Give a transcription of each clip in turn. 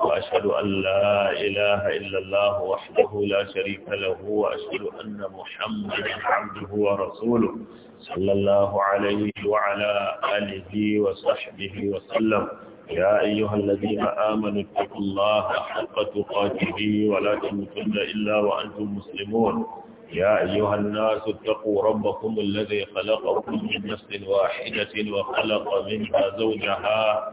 وأشهد أن لا إله إلا الله وحده لا شريك له وأشهد أن محمدا عبده ورسوله صلى الله عليه وعلى آله وصحبه وسلم يا أيها الذين آمنوا اتقوا الله حق تقاته ولا تموتن إلا وأنتم مسلمون يا أيها الناس اتقوا ربكم الذي خلقكم من نفس واحدة وخلق منها زوجها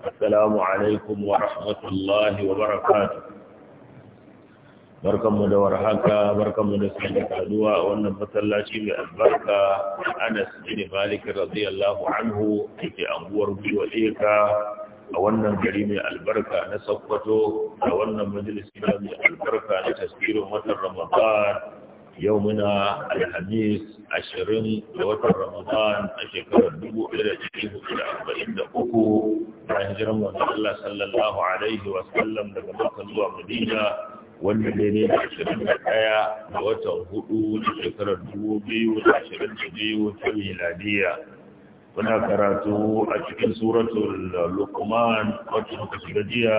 alaikum wa rahmatullahi wa وبركاته barkanmu da warhaka barkanmu da sani kaduwa a wannan masallaci mai albarka Anas bin Malik radiyallahu anhu yake anguwar Biwa Eka a wannan gari mai albarka na Sokoto a wannan majalisi mai albarka na tasirin watan Ramadan yau muna alhamis ashirin da watan ramadan a shekarar dubu ɗaya da ɗari hudu da arba'in da uku bayan jiran wanda Allah sallallahu alaihi wa sallam daga Makka zuwa Madina wanda daidai da ashirin da ɗaya da watan hudu da shekarar dubu biyu da ashirin da biyu ta miladiya. Muna karatu a cikin suratul Luqman wacce muka shiga jiya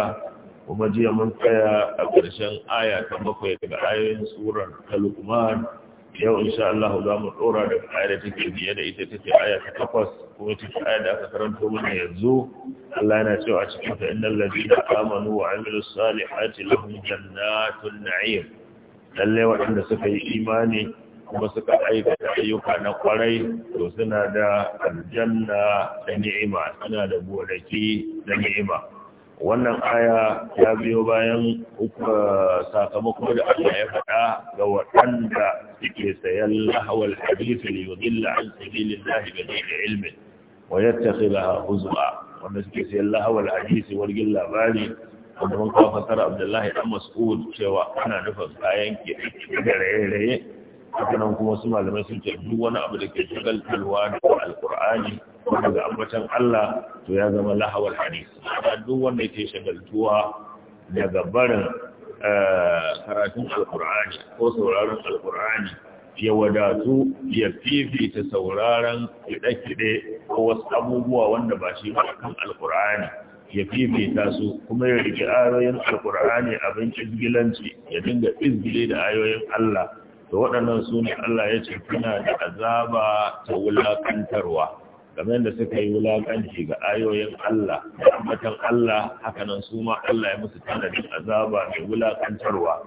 kuma jiya mun tsaya a ƙarshen aya ta bakwai daga ayoyin surar ta lukman yau insha Allah za mu ɗora daga aya da take biye da ita take aya ta takwas kuma take aya da aka karanto mana yanzu Allah yana cewa a cikin ta innal ladina amanu wa amilus salihati lahum jannatun na'im lalle waɗanda suka yi imani kuma suka aikata ayyuka na kwarai to suna da aljanna da ni'ima suna da gonaki da ni'ima wannan aya ya biyo bayan sakamako da Allah ya faɗa ga waɗanda suke sayan lahawal hadith li yudilla an sabilillah bi ghairi ilmin wanda suke sayan lahawar hadith wargin labari wanda mun kawo fasara Abdullahi dan Mas'ud cewa ana nufin kayan kiɗe da raye-raye hakanan kuma su malamai sun ce duk wani abu da ke shagaltarwa da alkur'ani ko daga ambatan Allah to ya zama lahawar hadisi a duk wanda yake shagaltuwa daga barin eh, karatun alkur'ani ko sauraron alkur'ani ya wadatu ya fifita sauraron kiɗe-kiɗe ko wasu abubuwa wanda ba shi ba kan alkur'ani ya fifita su kuma ya riƙe ayoyin alkur'ani abin izgilanci ya dinga izgile da ayoyin Allah to waɗannan su ne Allah ya ce suna da azaba ta wulakantarwa game da suka yi wulakanci ga ayoyin Allah da ambatan Allah hakanan su ma Allah ya musu tanadin azaba mai wulakantarwa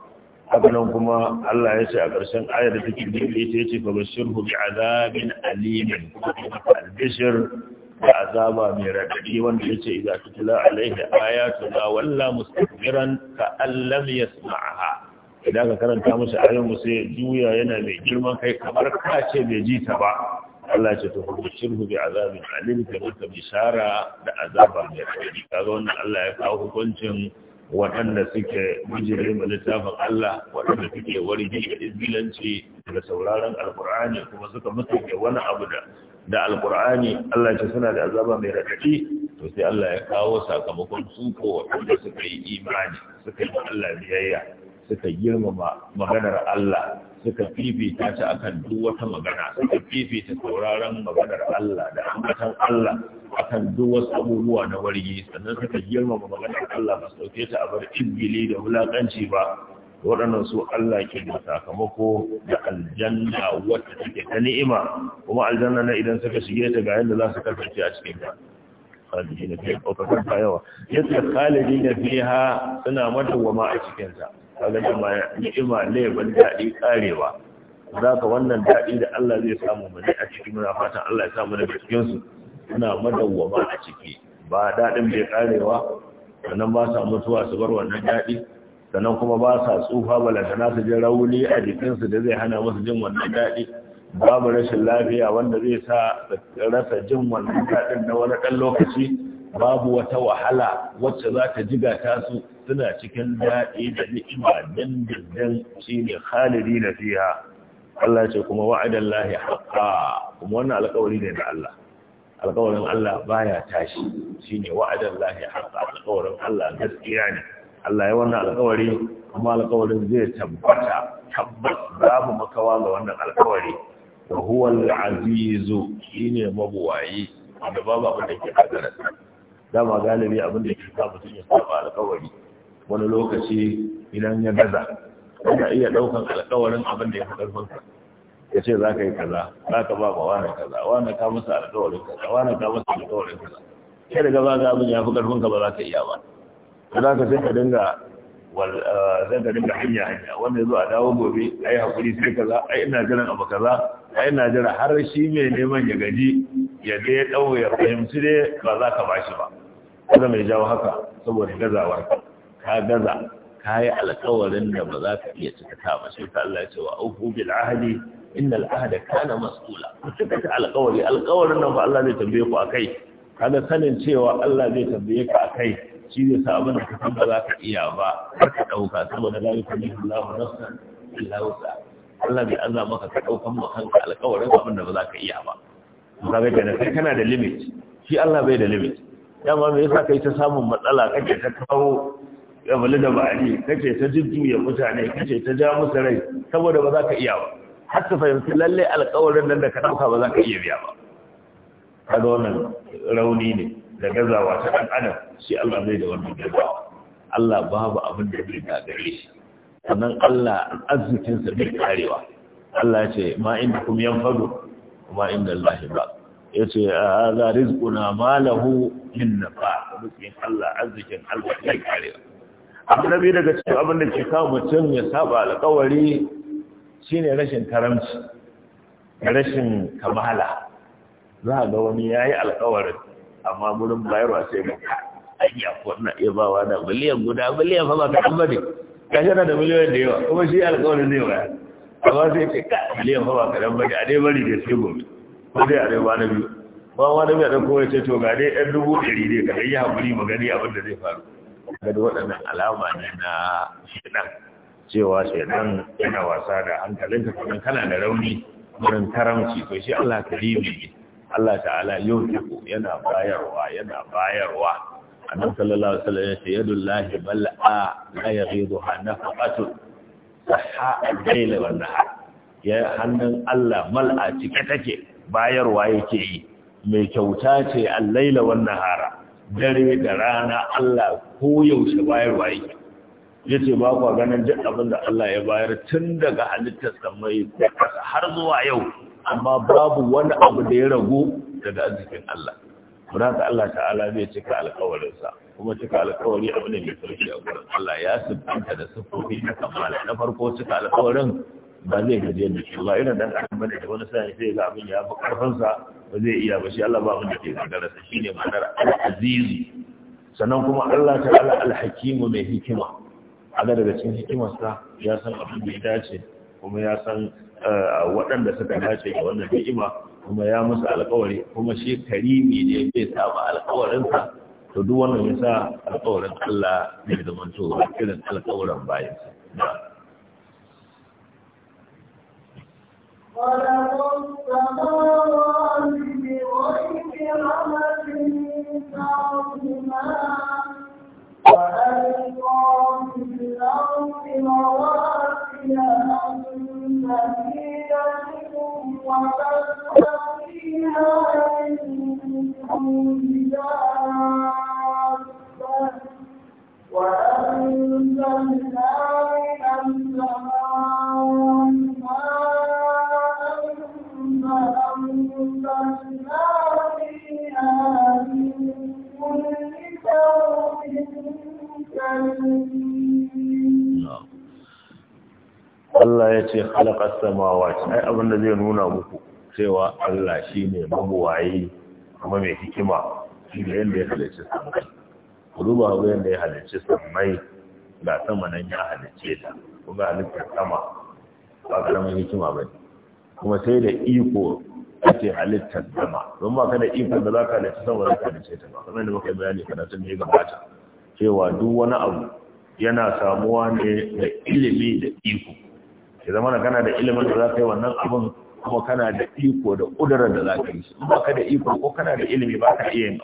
hakanan kuma Allah ya ce a ƙarshen ayar da take dole ita ce fa bashirhu bi azabin alimin albishir da azaba mai raɗaɗi wanda yace idza tutula alaihi ayatuna walla mustakbiran ka allam yasma'aha idan ka karanta musu ayoyin musu sai juya yana mai girman kai kamar ka ce bai ji ta ba Allah ce to shirhu bi azabin alim ka mutum bishara da azaba mai ka ga wannan Allah ya kawo hukuncin waɗanda suke mujirai ma littafin Allah waɗanda suke wargi da izbilanci da sauraron alkur'ani kuma suka mutunta wani abu da da alkur'ani Allah ce suna da azaba mai raɗaɗi to sai Allah ya kawo sakamakon suko waɗanda suka yi imani suka yi Allah biyayya suka girmama maganar Allah suka fifita ta akan duk wata magana suka fifita sauraron maganar Allah da ambatan Allah akan duk wasu abubuwa na wargi sannan suka girmama maganar Allah ba sauke ta a bar ibgili da wulakanci ba waɗannan su Allah ke da sakamako da aljanna wata take ta ni'ima kuma aljanna na idan suka shige ta ga yadda za su karfafi a cikin ta khalidina fiha yawa yace fiha suna madawwama a cikin ta kaga ma ni'ima ban daɗi karewa za ka wannan daɗi da Allah zai samu mu a ciki muna fatan Allah ya samu cikin su. muna madawwama a ciki ba daɗin bai karewa sannan ba sa mutuwa su bar wannan daɗi sannan kuma ba sa tsufa na su ji rauni a jikinsu da zai hana musu jin wannan daɗi babu rashin lafiya wanda zai sa rasa jin wannan daɗin na wani ɗan lokaci babu wata wahala wacce za ta jiga ta su suna cikin daɗi da ni'ima dindindin shi ne khalidi na fiha Allah ce kuma wa'adan lahi haƙa kuma wannan alƙawari ne da Allah alƙawarin Allah baya tashi shi ne wa'adan lahi haƙa alƙawarin Allah gaskiya ne Allah ya wannan alƙawari kuma alƙawarin zai tabbata tabbas babu makawa ga wannan alƙawari wa huwa al-azizu shine mabuwayi wanda babu abin da ke kadarsa dama galibi abin da ke sa mutum ya saba alkawari wani lokaci idan ya gaza yana iya ɗaukan alkawarin abin da ya fi ƙarfinsa ya ce za ka yi kaza za ka ba ma wani kaza wani ka masa alkawarin kaza wani ka masa alkawarin kaza ke daga ba ga abin ya fi ƙarfinka ba za ka iya ba za ka sai ka dinga zai eh, ka dinga hanya hanya wanda ya zo a dawo gobe a yi haƙuri sai kaza a ina jiran abu kaza a ina jira har shi mai neman ya gaji ya dai ya ɗau ya fahimci dai ba za ka ba shi ba kada mai jawo haka saboda gazawar ka gaza ka yi alkawarin da ba za ka iya cika ta ba sai ka Allah ya ce wa ufu bil ahdi innal ahda kana mas'ula cika ta alkawari alkawarin nan ba Allah zai tambaye ku akai kada sanin cewa Allah zai tambaye ka akai shi ne sa abin da ka san ba za ka iya ba har ka dauka saboda la yukallifu Allahu nafsan illa wusa Allah bai azza maka ka daukan mu kanka alkawarin abin da ba za ka iya ba kaga kenan kai kana da limit shi Allah bai da limit Yama me yasa kai ta samun matsala kake ta kawo yabali da ba'ali kake ta jujjuya mutane kake ta ja musu rai saboda ba za ka iya ba har su fahimci lalle alƙawarin nan da ka ɗauka ba za ka iya biya ba ga wannan rauni ne da gazawa ta ɗan adam shi Allah zai da wannan gazawa Allah babu abin da bai gagare shi sannan Allah arzikinsa bai karewa Allah ya ce ma inda kuma yan fado ma inda Allah ba yace hadha rizquna malahu min nafa rizqin Allah azzikin Allah ya kare annabi daga cikin abin da ke kawo mutum ya saba alƙawari shine rashin karamci rashin kamala za ga wani yayi alƙawarin amma gurin bayarwa sai ba ayya na iya bawa da miliyan guda miliyan fa ba ka tambari ka na da miliyan da yawa kuma shi alƙawarin zai bayar amma sai ce ka miliyan fa ba ka tambari a dai bari da sai gobe ko dai a rewa na biyu ba wa da biya kowai ce to ga dai ɗan dubu ɗari dai kaɗai ya haƙuri mu gani abin da zai faru ga da waɗannan alama ne na shaidan cewa shaidan yana wasa da hankalinka kamar kana da rauni wurin karamci to shi Allah karimi ne Allah ta'ala yau yana bayarwa yana bayarwa annabi sallallahu alaihi wasallam yace yadullahi a la yaghidu hanafatu sahha al-layl wa nahar ya hannun Allah mal'a cike take bayarwa yake yi mai kyauta ce allaila wannan hara dare da rana Allah ko yaushe bayarwa yake yace ba ku ganin duk abin da Allah ya bayar tun daga halittar samai har zuwa yau amma babu wani abu da ya ragu daga arzikin Allah ta Allah ta'ala zai cika alkawarinsa, kuma cika alkawari abu ne mai sauki a gurin Allah ya siffanta da siffofi na kamala. Na farko cika alkawarin ba zai gaji da shi ba irin dan adam bane da wani sani sai ga abin ya fi karfansa ba zai iya ba shi Allah ba abin da ke gagara sa shine ma'anar al-aziz sannan kuma Allah ta al-hakim mai hikima Allah daga cikin hikimarsa ya san abin da ya dace kuma ya san eh, waɗanda suka dace da wannan ni'ima kuma ya musu alƙawari kuma shi karimi ne bai saba alƙawarinsa to duk wannan yasa alƙawarin Allah ne da mantowa irin alƙawarin bayansa وأنزلنا من السماء ماء Allah ya ce halakar samawa ai abin da zai nuna muku cewa Allah shi ne mabuwaye kuma mai hikima shi da yadda ya halarci samai. Kuduba abu yadda ya halarci samai ga sama nan ya halarci ta, kuma halittar sama ba ƙaramin hikima ba kuma sai da iko ce halittar dama don ba ka da ikon da za ka halitta sama za ka halitta ta ba kamar da muka yi bayani kada sun yi gabata cewa duk wani abu yana samuwa ne da ilimi da iko ya zama na kana da ilimin da za ka yi wannan abin kuma kana da iko da ƙudurar da za ka yi in ba ka da iko ko kana da ilimi ba ka iya yin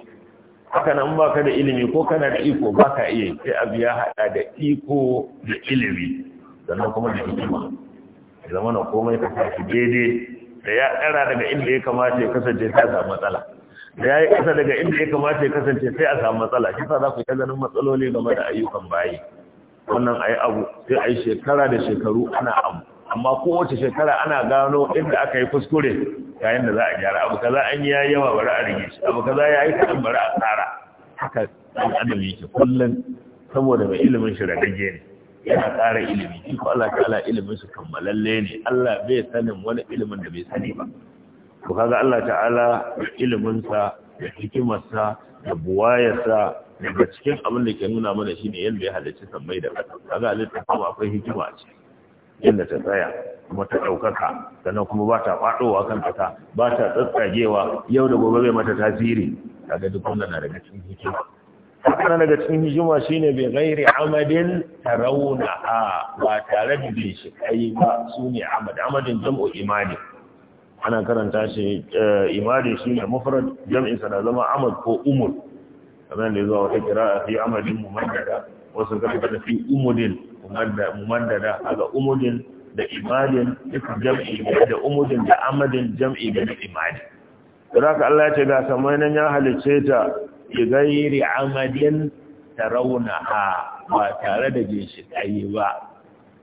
haka nan ba ka da ilimi ko kana da iko ba ka iya yin sai abu ya haɗa da iko da ilimi sannan kuma da hikima ya zama na komai ka tashi daidai da ya tsara daga inda ya kamata ya kasance sai a samu matsala da ya yi ƙasa daga inda ya kamata ya kasance sai a samu matsala shi sa za ku yi ganin matsaloli game da ayyukan bayi wannan a yi abu sai a yi shekara da shekaru ana abu amma kowace shekara ana gano inda aka yi kuskure yayin da za a gyara abu kaza an yi yawa bari a rige shi abu kaza ya yi kaɗan bari a tsara haka ɗan adam yake kullum saboda mai ilimin shi ragage ne yana ƙara ilimi shi ko Allah ta'ala ilimin su kammalalle ne Allah bai sanin wani ilimin da bai sani ba to kaga Allah ta'ala ilimin sa da hikimar sa da buwayar sa daga cikin abin da ke nuna mana shine yanda ya halarci sammai da ƙasa kaga halitta kuma akwai hikima a yanda ta tsaya kuma ta ɗaukaka sannan kuma ba ta faɗowa kan ta ba ta tsatsagewa yau da gobe bai mata tasiri kaga duk wannan na daga cikin hikima Kana daga cikin hijima shine bai gairi amadin tarauna a ba tare da bai shi kai ba su ne amad amadin jam'u imani ana karanta shi eh, imani shi ne mufrad jam'in sa da zama amad ko umul kamar da zuwa wata kira fi amadin mumaddada wasu karanta da fi umudin mumaddada aga umudin da imadin duka jam'i da umudin da amadin jam'i da imadi. ka Allah ya ce ga samai ya halicce ta bi ghairi amadin tarawnaha ba tare da ginshikai ba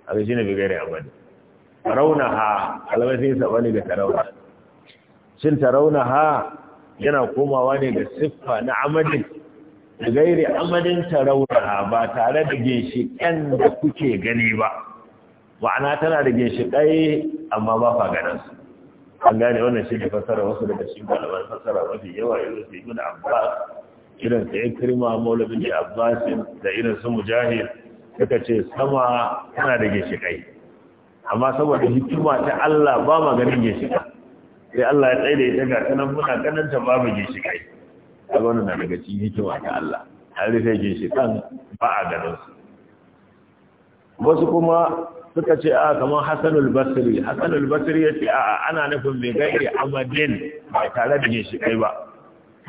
a ga shine bi ghairi amadin tarawnaha alwasi sabani da tarawna shin tarawnaha yana komawa ne ga siffa na amadin da gairi amadin tarawnaha ba tare da ginshiƙen da kuke gani ba ma'ana tana da ginshiƙai amma ba fa ganinsu. an gane wannan shi ne fasara wasu daga cikin malaman fasara mafi yawa yanzu su yi abbas irin ya kirma maula bin abbas da irin su mujahid suka ce sama tana da ginshikai amma saboda hikima ta Allah ba ma ganin ginshika sai Allah ya tsaye da ita ga kanan muna kananta babu ginshikai a wannan na daga cikin hikima ta Allah har rufe ginshikan ba a ganin su wasu kuma suka ce a kamar Hassanul Basri Hassanul Basri ya ce a ana nufin mai gaire amadin ba tare da ginshikai ba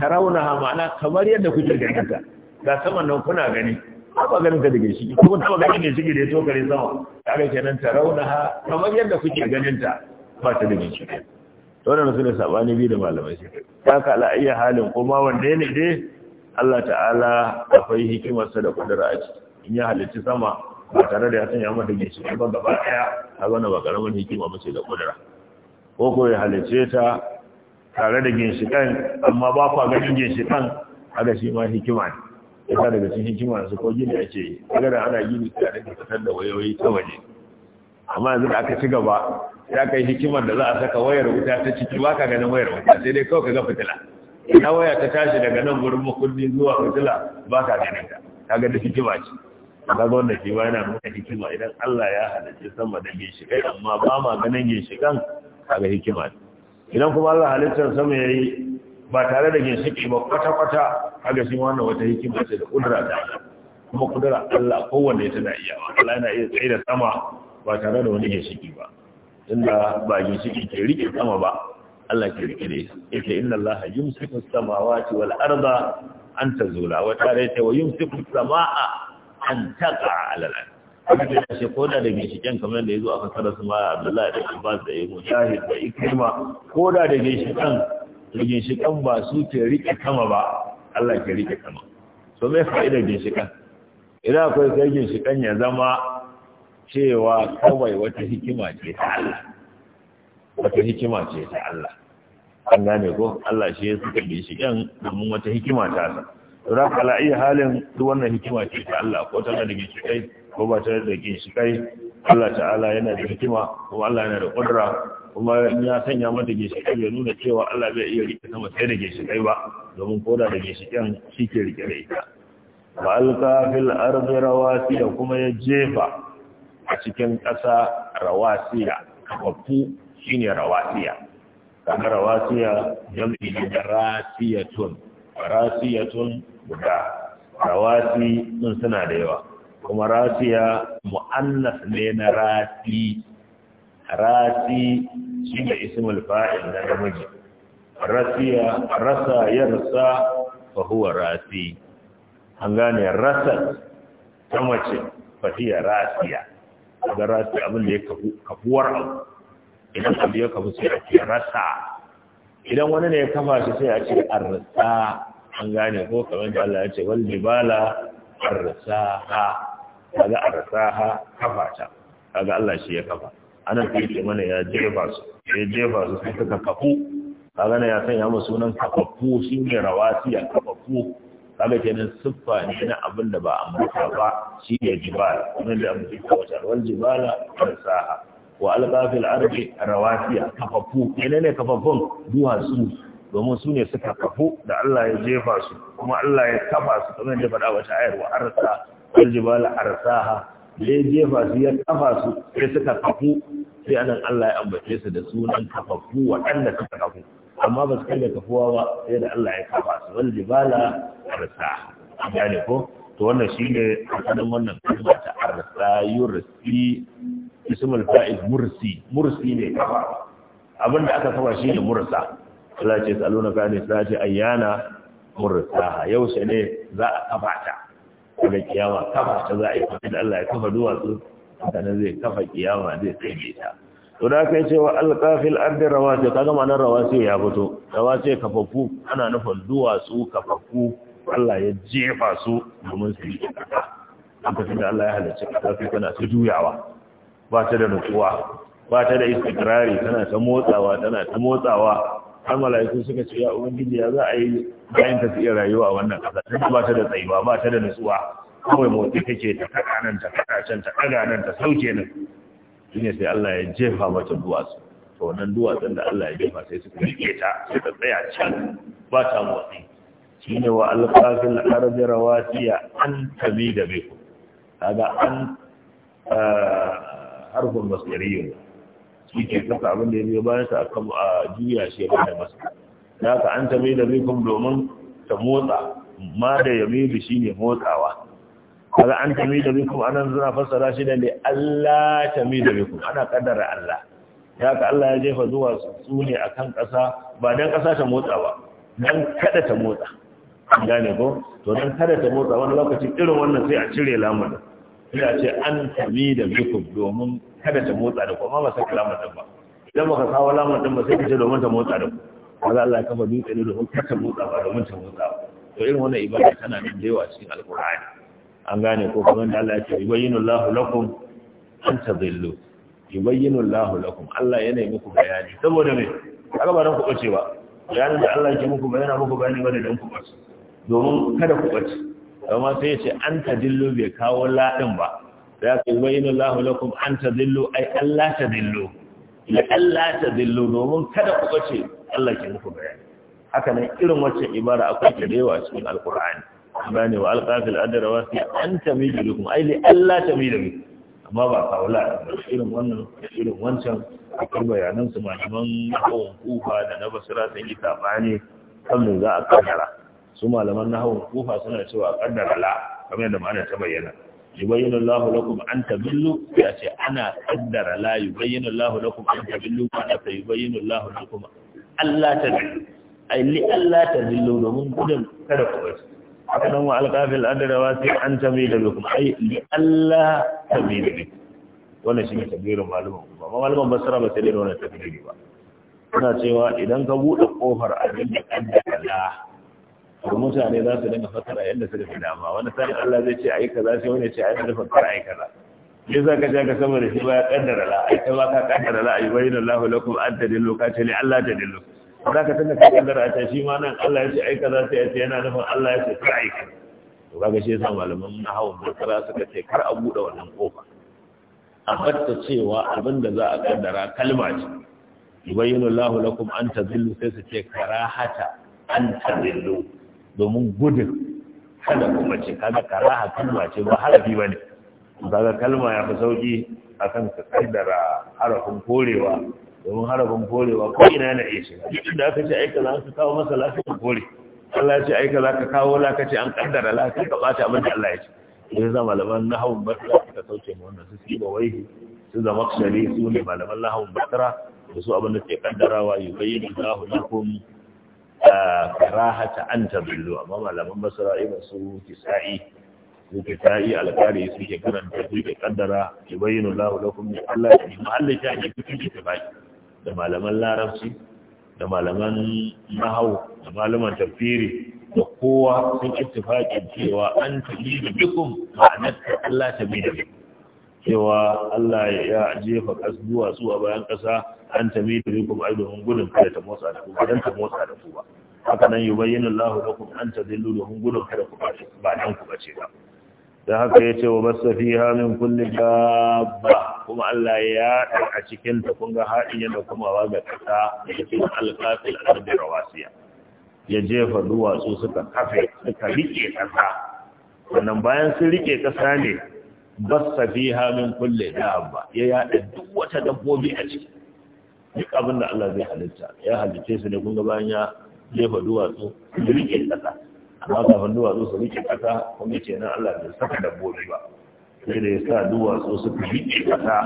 tarawunaha ma'ana kamar yadda kuke ganinta ga saman nan kuna gani ba ganin ka daga shi ko ta magana ne shi da ya to kare sama kaga kenan tarawunaha kamar yadda kuke ganinta ba ta daga shi to wannan sune sabani bi da malamai shi haka ala ayi halin kuma wanda ne dai Allah ta'ala akwai hikimarsa da kudura a ciki in ya halitta sama ba tare da ya sanya mata shi ba gaba daya a wannan ba karamin hikima ce da kudura ko ko ya halicce ta tare da ginshikan amma ba kwa ganin ginshikan ga shi ma hikima ne ya daga cikin hikima su ko gini ake yi daga da ana gini tare da fitar da wayoyi ta waje amma yanzu da aka ci gaba ya kai hikimar da za a saka wayar wuta ta ciki ba ka ganin wayar wuta sai dai kawai ka ga fitila ina waya ta tashi daga nan gurin makulli zuwa fitila ba ka ganin ta ka ga da hikima ce ga wanda ke ba yana nuna hikima idan Allah ya halarci sama da ginshikai amma ba ma ganin ginshikan ga hikima ne idan kuma Allah halittar sama ya yi ba tare da ginshiki ba kwata-kwata a gashin wannan wata hikima ce da kudura da Allah kuma kudura Allah kowanne ya tana iya Allah yana iya tsaye da sama ba tare da wani ginshiki ba inda ba ginshiki ke rike sama ba Allah ke rike ne yake inna Allah yumsiku samawati wal arda an tazula wa tare ta wa yumsiku samaa an taqa ala al aka ce ko da da ginshiken kamar da ya zo aka kara su mara abdullahi da abbas da ibn shahid da ikrima ko da da ginshiken da ginshiken ba su ke rike kama ba Allah ke rike kama so me fa'idar ginshiken idan akwai sai ginshiken ya zama cewa kawai wata hikima ce ta Allah wata hikima ce ta Allah an gane ko Allah shi ya suka ginshiken domin wata hikima ta sa Raka iya halin duk wannan hikima ce ta Allah ko tana da ginshikai ko ba tare da ke shi kai Allah ta'ala yana da hikima kuma Allah yana da kudura kuma in ya sanya mata ke ya nuna cewa Allah zai iya rike sama sai da ke ba domin koda da ke shi ke rike da ita ba alka fil ardi rawasiya kuma ya jefa a cikin ƙasa rawasiya kafafu shine rawasiya kaga rawasiya jam'i da rasiyatun rasiyatun guda rawasi sun suna da yawa kuma rasiya mu'annas ne na rasi rasi shi ne ismul fa'il na namiji rasiya rasa yarsa fa huwa rasi an gane rasa ta mace fa hiya rasiya ga rasi abin da ya kafuwar abu idan abu ya kafu sai a ce rasa idan wani ne ya kafa shi sai a ce arsa an gane ko kamar da Allah ya ce wal jibala arsaha kaga arsaha kafata kaga Allah shi ya kafa anan sai ce mana ya jefa su ya jefa su sai suka kafu kaga ne ya sanya mu sunan kafafu ne rawasi ya kafafu kaga kenan siffa ne na abin da ba ambata ba shi ne jibala wannan da muke kawata wal jibala arsaha wa alqa fil ardi rawasiya kafafu ne ne kafafun duwatsu domin su ne suka kafu da Allah ya jefa su kuma Allah ya kafa su kamar da faɗa wata ayar wa arsa aljibala arsaha da ya jefa su ya kafa su sai suka kafu sai anan Allah ya ambace su da sunan kafafu waɗanda suka kafu amma ba su kai da kafuwa ba sai da Allah ya kafa su wal Arsaha, arsaha ne ko to wannan shine asalin wannan kalma ta arsa yursi ismul fa'il mursi mursi ne kafa Abin da aka kafa shine mursa Allah ya ce saluna ka ne sai ayyana mursaha yau ne za a kafa ta daga kiyama kafa ta za a yi kafin Allah ya kafa duwatsu sannan zai kafa kiyama zai tsaye ta to da kai cewa alqafil ka rawasi gama rawa rawasi ya fito ce kafafu ana nufin duwatsu kafafu Allah ya jefa su domin su yi An tafi da Allah ya halarci kaka tana ta juyawa ba ta da nutsuwa ba ta da istikirari tana ta motsawa tana ta motsawa har mala'iku suka ce ya ubangiji ya za a yi bayan su iya rayuwa a wannan ƙasa ta ba ta da tsayuwa ba ta da nutsuwa kawai motsi kake ta kaɗa nan ta kaɗa can ta ɗaga nan ta sauke nan shi ne sai Allah ya jefa mata duwatsu to wannan duwatsun da Allah ya jefa sai suka rike ta sai ta tsaya can ba ta motsi shi ne wa alƙafin arzi rawasiya an tabi da bai kaga an eh, harfin basiriyun shi ke saka abin da ya biyo bayansa a kan a juya shi ya da masa da ka an tabi da bikum domin ta motsa ma da shi shine motsawa kaga an tabi da bikum anan zuna fassara shi da ne Allah tabi da bikum ana kaddara Allah ya ka Allah ya jefa zuwa su ne akan kasa ba dan kasa ta motsa ba dan kada ta motsa gane ko to dan kada ta motsa wani lokaci irin wannan sai a cire lamunin ina ce an tabi da bikum domin kada ta motsa da ku amma ba saka lamar ba idan baka kawo lamar din ba sai ka ce domin ta motsa da ku wanda Allah ya kafa dutse ne domin kada ta motsa ba domin ta motsa ba to irin wannan ibada tana nan da yawa cikin alqur'ani an gane ko kuma da Allah ya ce yubayyinu Allahu lakum an tadillu yubayyinu Allahu lakum Allah yana yi muku bayani saboda me kaga ba dan ku bace ba bayanin da Allah ya muku bayana muku bayani ba da dan ku bace domin kada ku bace amma sai ce an ta dillo bai kawo laɗin ba da ka yi bayin Allah lakum an ta dillo ai Allah ta dillo la Allah ta dillo domin kada ku ce Allah ke muku bayani haka nan irin wacce ibara akwai ta da yawa cikin alqur'ani bani wa alqafil adra wa fi an tamilukum ai li Allah tamilukum amma ba kawo ba irin wannan irin wancan akwai bayanan su malaman kufa da na basira sun yi sabani kan za a kaddara su malaman nahawun kufa suna cewa qaddara la kamar yadda ma'ana ta bayyana yubayyinu Allahu lakum an tabillu ya ce ana qaddara la yubayyinu Allahu lakum an tabillu wa ta yubayyinu Allahu lakum Allah ta bi. ai li Allah ta billu domin gudun kada ku bai haka nan wa alqafil wa sai an tabillu lakum ai li Allah ta bi wannan shine tabirin malumin kuma malumin basara ba sai da wannan tabiri ba suna cewa idan ka buɗe kofar abin da ƙaddara to mutane za su dinga fassara yadda su fi dama wani sani Allah zai ce ayi kaza sai wani ce ayi da fasara ayi za sai za ka ja ka sama da shi ba ya kaddara la ai kai ba ka kaddara la ayi bayyana Allahu lakum an ka ce ne Allah tadillu za ka tunda ka kaddara ta shi ma nan Allah ya ce ayi za su yi yana nufin Allah ya ce ta ayi kaza ba ga shi yasa malaman nahawun basara suka ce kar a bude wannan kofa a fatta cewa abin da za a kaddara kalma ce yubayyinu Allahu lakum an tadillu sai su ce karahata an domin gudun kada ce, kada kaga karaha kalma ce ba harafi ba ne kaga kalma ya fi sauki kan ka kaddara harafin korewa domin harafin korewa ko ina na iya shiga duk da aka ce aika za ka kawo masa lafiyar kore Allah ya ce aika za ka kawo la ka ce an kaddara lafiya ka ɓata abin da Allah ya ce sai za malaman nahawun basra suka sauke mu wannan su ba waihi su zama shari'a. su ne malaman nahawun basra da su abin da ke kaddarawa ku Allahu lakum karahata an tabillu amma malaman basra irin su kisa'i su kisa'i alƙari suke karanta su kaddara yubayyinu lahu lakum Allah ya mahalla ta ne kuke ittifaqi da malaman larabci da malaman nahwu da malaman tafsiri da kowa sun ittifaqi cewa an tabillu bikum ma'anar Allah ta bi da cewa Allah ya jefa kasuwa a bayan ƙasa. an tabi da bikum ai domin gudun kada ta motsa da ku ba dan ta motsa da ku ba haka nan yubayyinu Allahu lakum an tadillu domin gudun kada ku bace ba dan ku bace ba dan haka ya ce wa basa fiha min kulli dabba kuma Allah ya da a cikin ta kun ga hadiyan da kuma ba ga kasa cikin alqafil ardi rawasiya ya jefa duwatsu suka kafe suka rike kasa sannan bayan sun riƙe kasa ne basa fiha min kulli dabba ya yaɗa duk wata dabbobi a ciki duk abin da Allah zai halitta ya halitta su ne kun bayan ya jefa duwatsu su rike ƙasa. amma kafin duwatsu su rike kasa kuma ce nan Allah bai saka dabbobi ba sai da ya sa duwatsu su rike kasa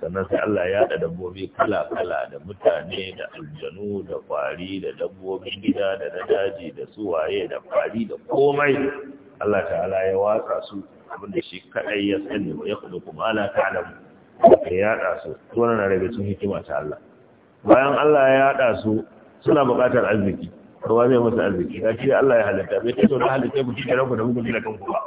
sannan sai Allah ya da dabbobi kala-kala da mutane da aljanu da kwari da dabbobin gida da na daji da suwaye da kwari da komai Allah ta'ala ya watsa su abin da shi kadai ya sani wa ya kudu kuma ala ta'alamu ka yada su wannan na daga cikin hikima ta Allah bayan Allah ya haɗa su suna buƙatar arziki kowa zai musu arziki ya ce Allah ya halitta bai kai sau da halitta ku cikin ranku da muku da kanku ba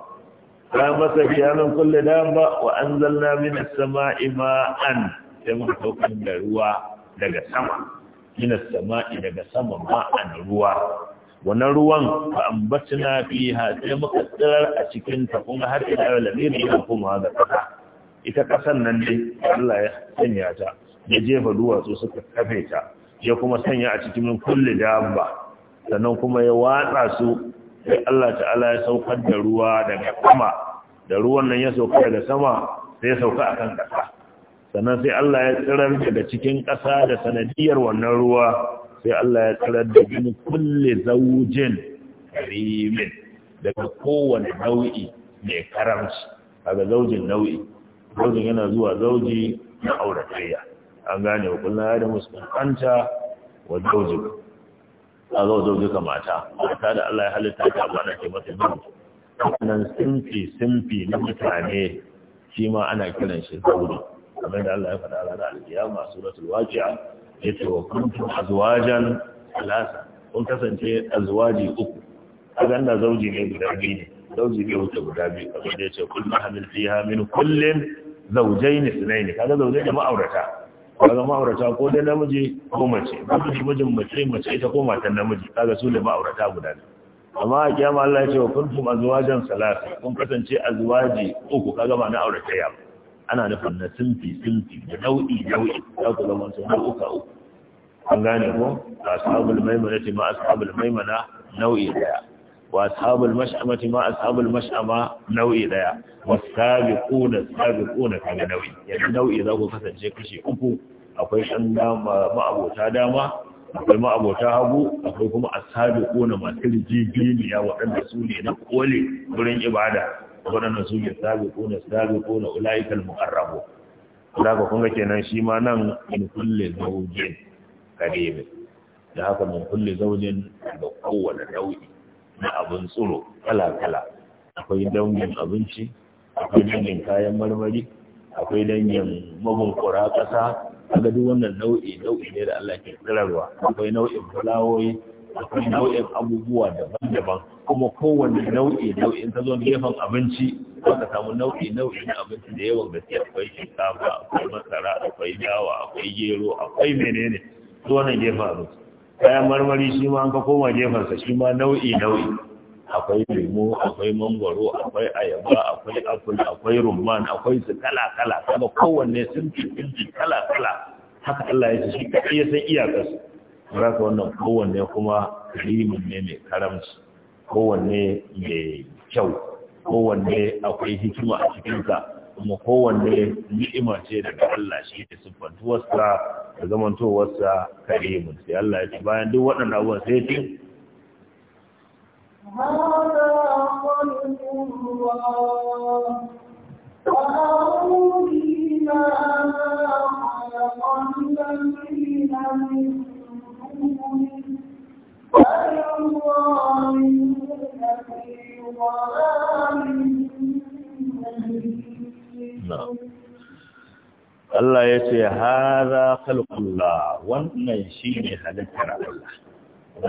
bayan masa kiyanan kulle da wa anzalna zalla sama'i ma'an sai muka da ruwa daga sama min sama'i daga sama ma'an ruwa wannan ruwan ba ambatna fiha sai muka tsirar a cikin ta kuma har ila yau lamiri ya kuma ga ita kasan nan ne Allah ya sanya ta ya jefa duwatsu suka kafe ta ya kuma sanya a cikin kulli dabba sannan kuma ya watsa su sai Allah ta'ala ya saukar da ruwa daga sama da ruwan nan ya sauka daga sama sai ya sauka akan ƙasa sannan sai Allah ya tsirar daga cikin ƙasa da sanadiyar wannan ruwa sai Allah ya tsirar da jini kulle zaujin karimin daga kowane nau'i mai karamci daga zaujin nau'i zaujin yana zuwa zauji na auratayya an gane wa kullum ya da musulunta wa zaujuka a zo zaujuka mata mata da Allah ya halitta ta amana ke mata zaujuka Nan simfi simfi na mutane shi ma ana kiran shi zauri kamar da Allah ya faɗa masu alkiyama wajiya ya ce wa kuntum azuwajen alasa kun kasance azuwaji uku kaga da zauji ne guda biyu ne zauji ne wuce guda biyu kamar da yace kullum hamil fiha min ne sunai ne kaga zaujai da ma'aurata kaga ma'aurata ko dai namiji ko mace namiji mijin mace mace ita ko matan namiji kaga su ne ma'aurata guda ne amma a kiyama Allah ya ce wa kuntum azwajan salasa kun kasance azwaji uku kaga ma na aurata ya ana nufin na sinfi sinfi da nau'i nau'i za ku zama su uku uku an gane ko ashabul maimana ce ma ashabul maimana nau'i daya واصحاب المشأمة ما اصحاب المشأمة نوعي ديا والسابقون السابقون كما نوعي يعني نوعي ذاك kasance kashi uku akwai ɗan ma abota dama akwai ma abota hagu akwai kuma asabiquna masu rijibiya waɗanda su ne na kole wurin ibada waɗannan su ne sabiquna sabiquna ulaikal muqarrabu zaka kun ga kenan shi ma nan in kulli zawjin karim da haka min kulli zawjin da kowane nau'i na abin tsiro kala-kala akwai dangin abinci akwai dangin kayan marmari akwai dangin mabunkura ƙasa Aga duk wannan nau'i nau'i ne da Allah ke kirarwa akwai nau'in fulawoyi akwai nau'in abubuwa daban-daban kuma kowanne nau'i nau'in ta zo gefen abinci za ka samu nau'i nau'i na abinci da yawan gaske akwai shinkafa akwai masara akwai dawa akwai gero akwai menene su gefen abinci kayan marmari shi ma an ka koma gefensa shi ma nau'i nau'i akwai lemu akwai mangwaro akwai ayaba akwai apple akwai rumman akwai su kala kala kuma kowanne sun ci inji kala kala haka Allah ya ce shi kai ya san iyakar su haka wannan kowanne kuma karimin ne mai karamci kowanne mai kyau kowanne akwai hikima a cikin ka kuma kowanne ni'ima ce daga Allah shi ne siffantuwarsa da zamantowarsa karimun sai Allah ya ce bayan duk waɗanda abubuwan sai ce No. Allah ya ce hada khalqullah wannan shine halittar Allah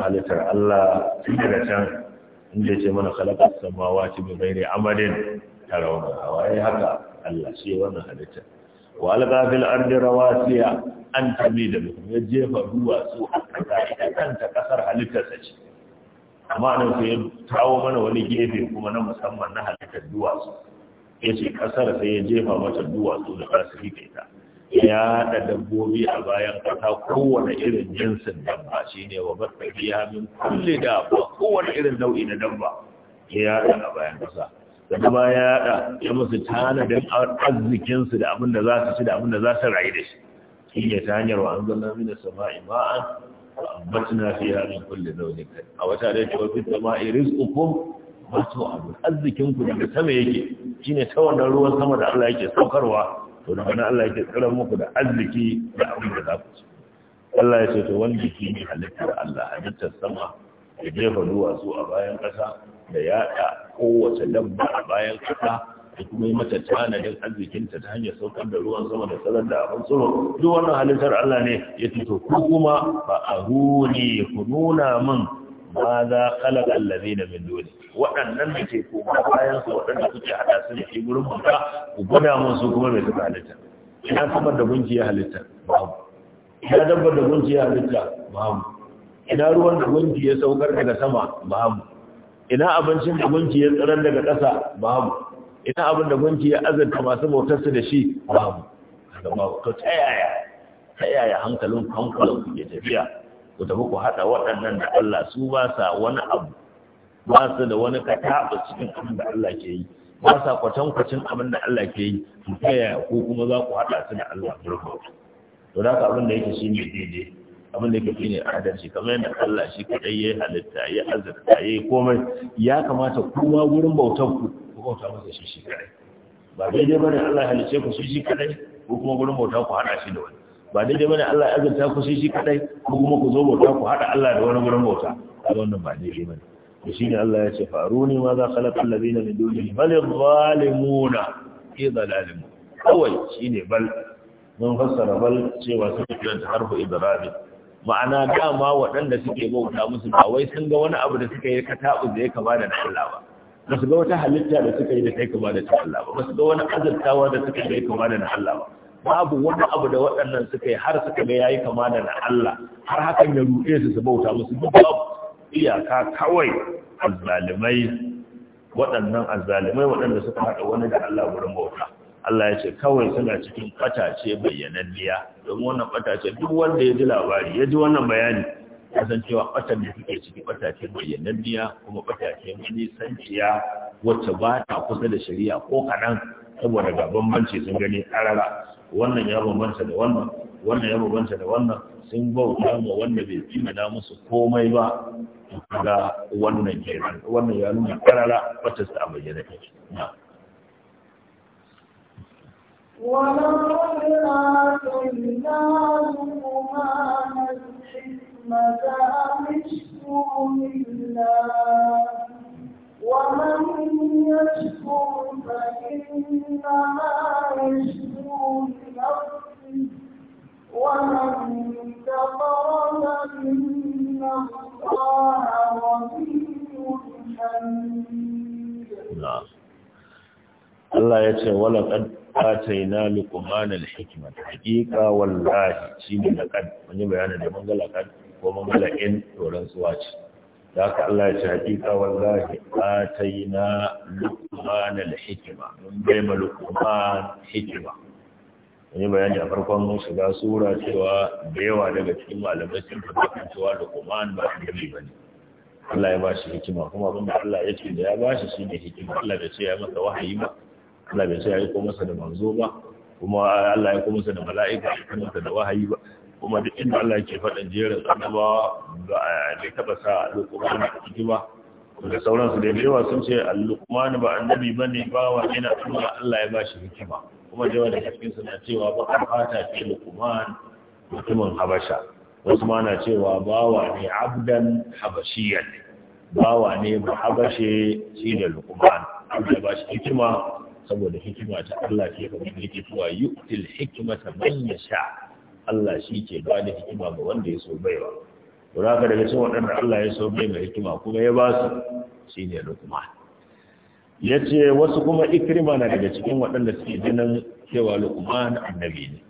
halittar Allah da can inda ce mana khalaqas samawati bi ghairi amadin tarawna wai haka Allah shi wannan halittar wa alqa fil ardi rawasiya an tamida bikum ya jefa ruwa su a kasa kanta kasar halittar sa ce amma nan sai ya mana wani gefe kuma na musamman na halittar duwatsu ya ce kasar sai ya jefa mata duwatsu da za su rike ta ya da dabbobi a bayan kasa kowane irin jinsin dabba shi ne wa batsaki ya min kulle dabba kowane irin nau'i na dabba ya da a bayan kasa da ba ya da ya musu don arzikinsu da abin da za su ci da abin da za su rayu da shi shi ne ta hanyar wa an zanna mina sama'i ma'an ambatna fi min kulli zawjin a wata da ce wa fi sama'i rizqukum ba su abu arzikinku daga sama yake shine ta wannan ruwan sama da Allah yake saukarwa to da wannan Allah yake tsirar muku da arziki da abin da za ku ci Allah ya ce to wanda ke ne halittar Allah halittar sama da jefa duwatsu a bayan ƙasa da yaɗa kowace dabba a bayan ƙasa da kuma yi mata tanadin arzikinta ta hanyar saukar da ruwan sama da sanar da abin tsoro duk wannan halittar Allah ne ya to ku kuma ba a huni ku nuna min ma za khalaq allazina min duni waɗannan da ke koma bayan su waɗanda kuke hada su da ke gurin bauta ku gwada mun su kuma mai suka halitta ina kamar da gunki ya halitta babu ina dabbar da gunki ya halitta babu ina ruwan da gunki ya saukar daga sama babu ina abincin da gunki ya tsirar daga ƙasa babu ina abin da gunki ya azurta masu bautar su da shi babu to ta yaya ta yaya hankalin hankalin ku tafiya ku tafi ku haɗa waɗannan da Allah su ba sa wani abu ba su da wani kataɓa cikin abin da Allah ke yi ba sa kwatankwacin abin da Allah ke yi ku taya ko kuma za ku haɗa su da Allah murfa to da abin da yake shi ne daidai abin da yake shi ne adalci kamar yadda Allah shi kaɗai ya halitta ya azurta ya yi komai ya kamata kowa wurin bautar ku ku bauta masa shi shi kaɗai ba daidai ba ne Allah halicce ku shi shi kaɗai ko kuma gurin bauta ku haɗa shi da wani ba daidai bane Allah ya azurta ku shi shi kadai ko kuma ku zo bauta ku hada Allah da wani gurin bauta a wannan ba daidai bane to shine Allah ya ce faruni ma za khalaqa alladhina min dunihi bal zalimuna fi dalalimu kawai shine bal mun fassara bal cewa suke kiranta harfu idrabi ma'ana dama waɗanda suke bauta musu ba wai sun ga wani abu da suka yi ka tabu da ya kama da Allah ba ba su ga wata halitta da suka yi da ta yi kama da ta Allah ba ba su ga wani azurtawa da suka yi da ya kama da Allah ba babu wani abu da waɗannan suka yi har suka ga yayi kama da na Allah har hakan ya ruɗe su su bauta musu duk babu iyaka kawai azzalimai waɗannan azzalimai waɗanda suka haɗa wani da Allah gurin bauta Allah ya ce kawai suna cikin ɓatace bayyananniya domin wannan ɓatace duk wanda ya ji labari ya ji wannan bayani ya san cewa ɓatan da suke ciki ɓatace bayyananniya kuma ɓatace wani sanciya wacce ba ta kusa da shari'a ko kaɗan saboda ga bambanci sun gani ƙarara wannan ya bambanta da wannan wannan ya bambanta da wannan sun bauta ma wanda bai da musu komai ba ga wannan kenan wannan ya nuna karara wata sa bayyana shi na ولقد آتيناهما ومن Allah ya ce wala kad ataina luqman al-hikma haqiqa wallahi shine da kad mun yi bayanin da mun kad ko mun in rantsuwa ce da haka Allah ya ce hakika wallahi ataina luqman al-hikma mun bai ma luqman hikma ne bayani a farkon mun shiga sura cewa da yawa daga cikin malamai sun fada cewa luqman ba annabi bane Allah ya ba shi hikima kuma abin da Allah ya ce da ya ba shi shine hikima Allah bai ce ya masa wahayi ba Allah bai ce ya yi ko masa da manzo ba kuma Allah ya ko masa da mala'ika ya ko masa da wahayi ba kuma duk inda Allah ke faɗin jerin annabawa ba a taɓa sa alƙur'ani a ciki ba da sauransu da yawa sun ce alƙur'ani ba annabi ba ne ba wa yana kuma Allah ya ba shi hikima kuma da yawa da cikin suna cewa ba a fata ce alƙur'ani mutumin habasha wasu ma na cewa bawa ne abdan habashiyan ne bawa ne ba habashe shi da alƙur'ani abda ba shi hikima saboda hikima ta Allah ke kamar yake cewa yu'til hikmata man yasha Allah shi ke ba da hikima ga wanda ya so baiwa to haka daga cikin waɗanda Allah ya so bai mai hikima kuma ya ba su lukuma. Ya yace wasu kuma Ikrima na daga cikin waɗanda suke jinin cewa na annabi ne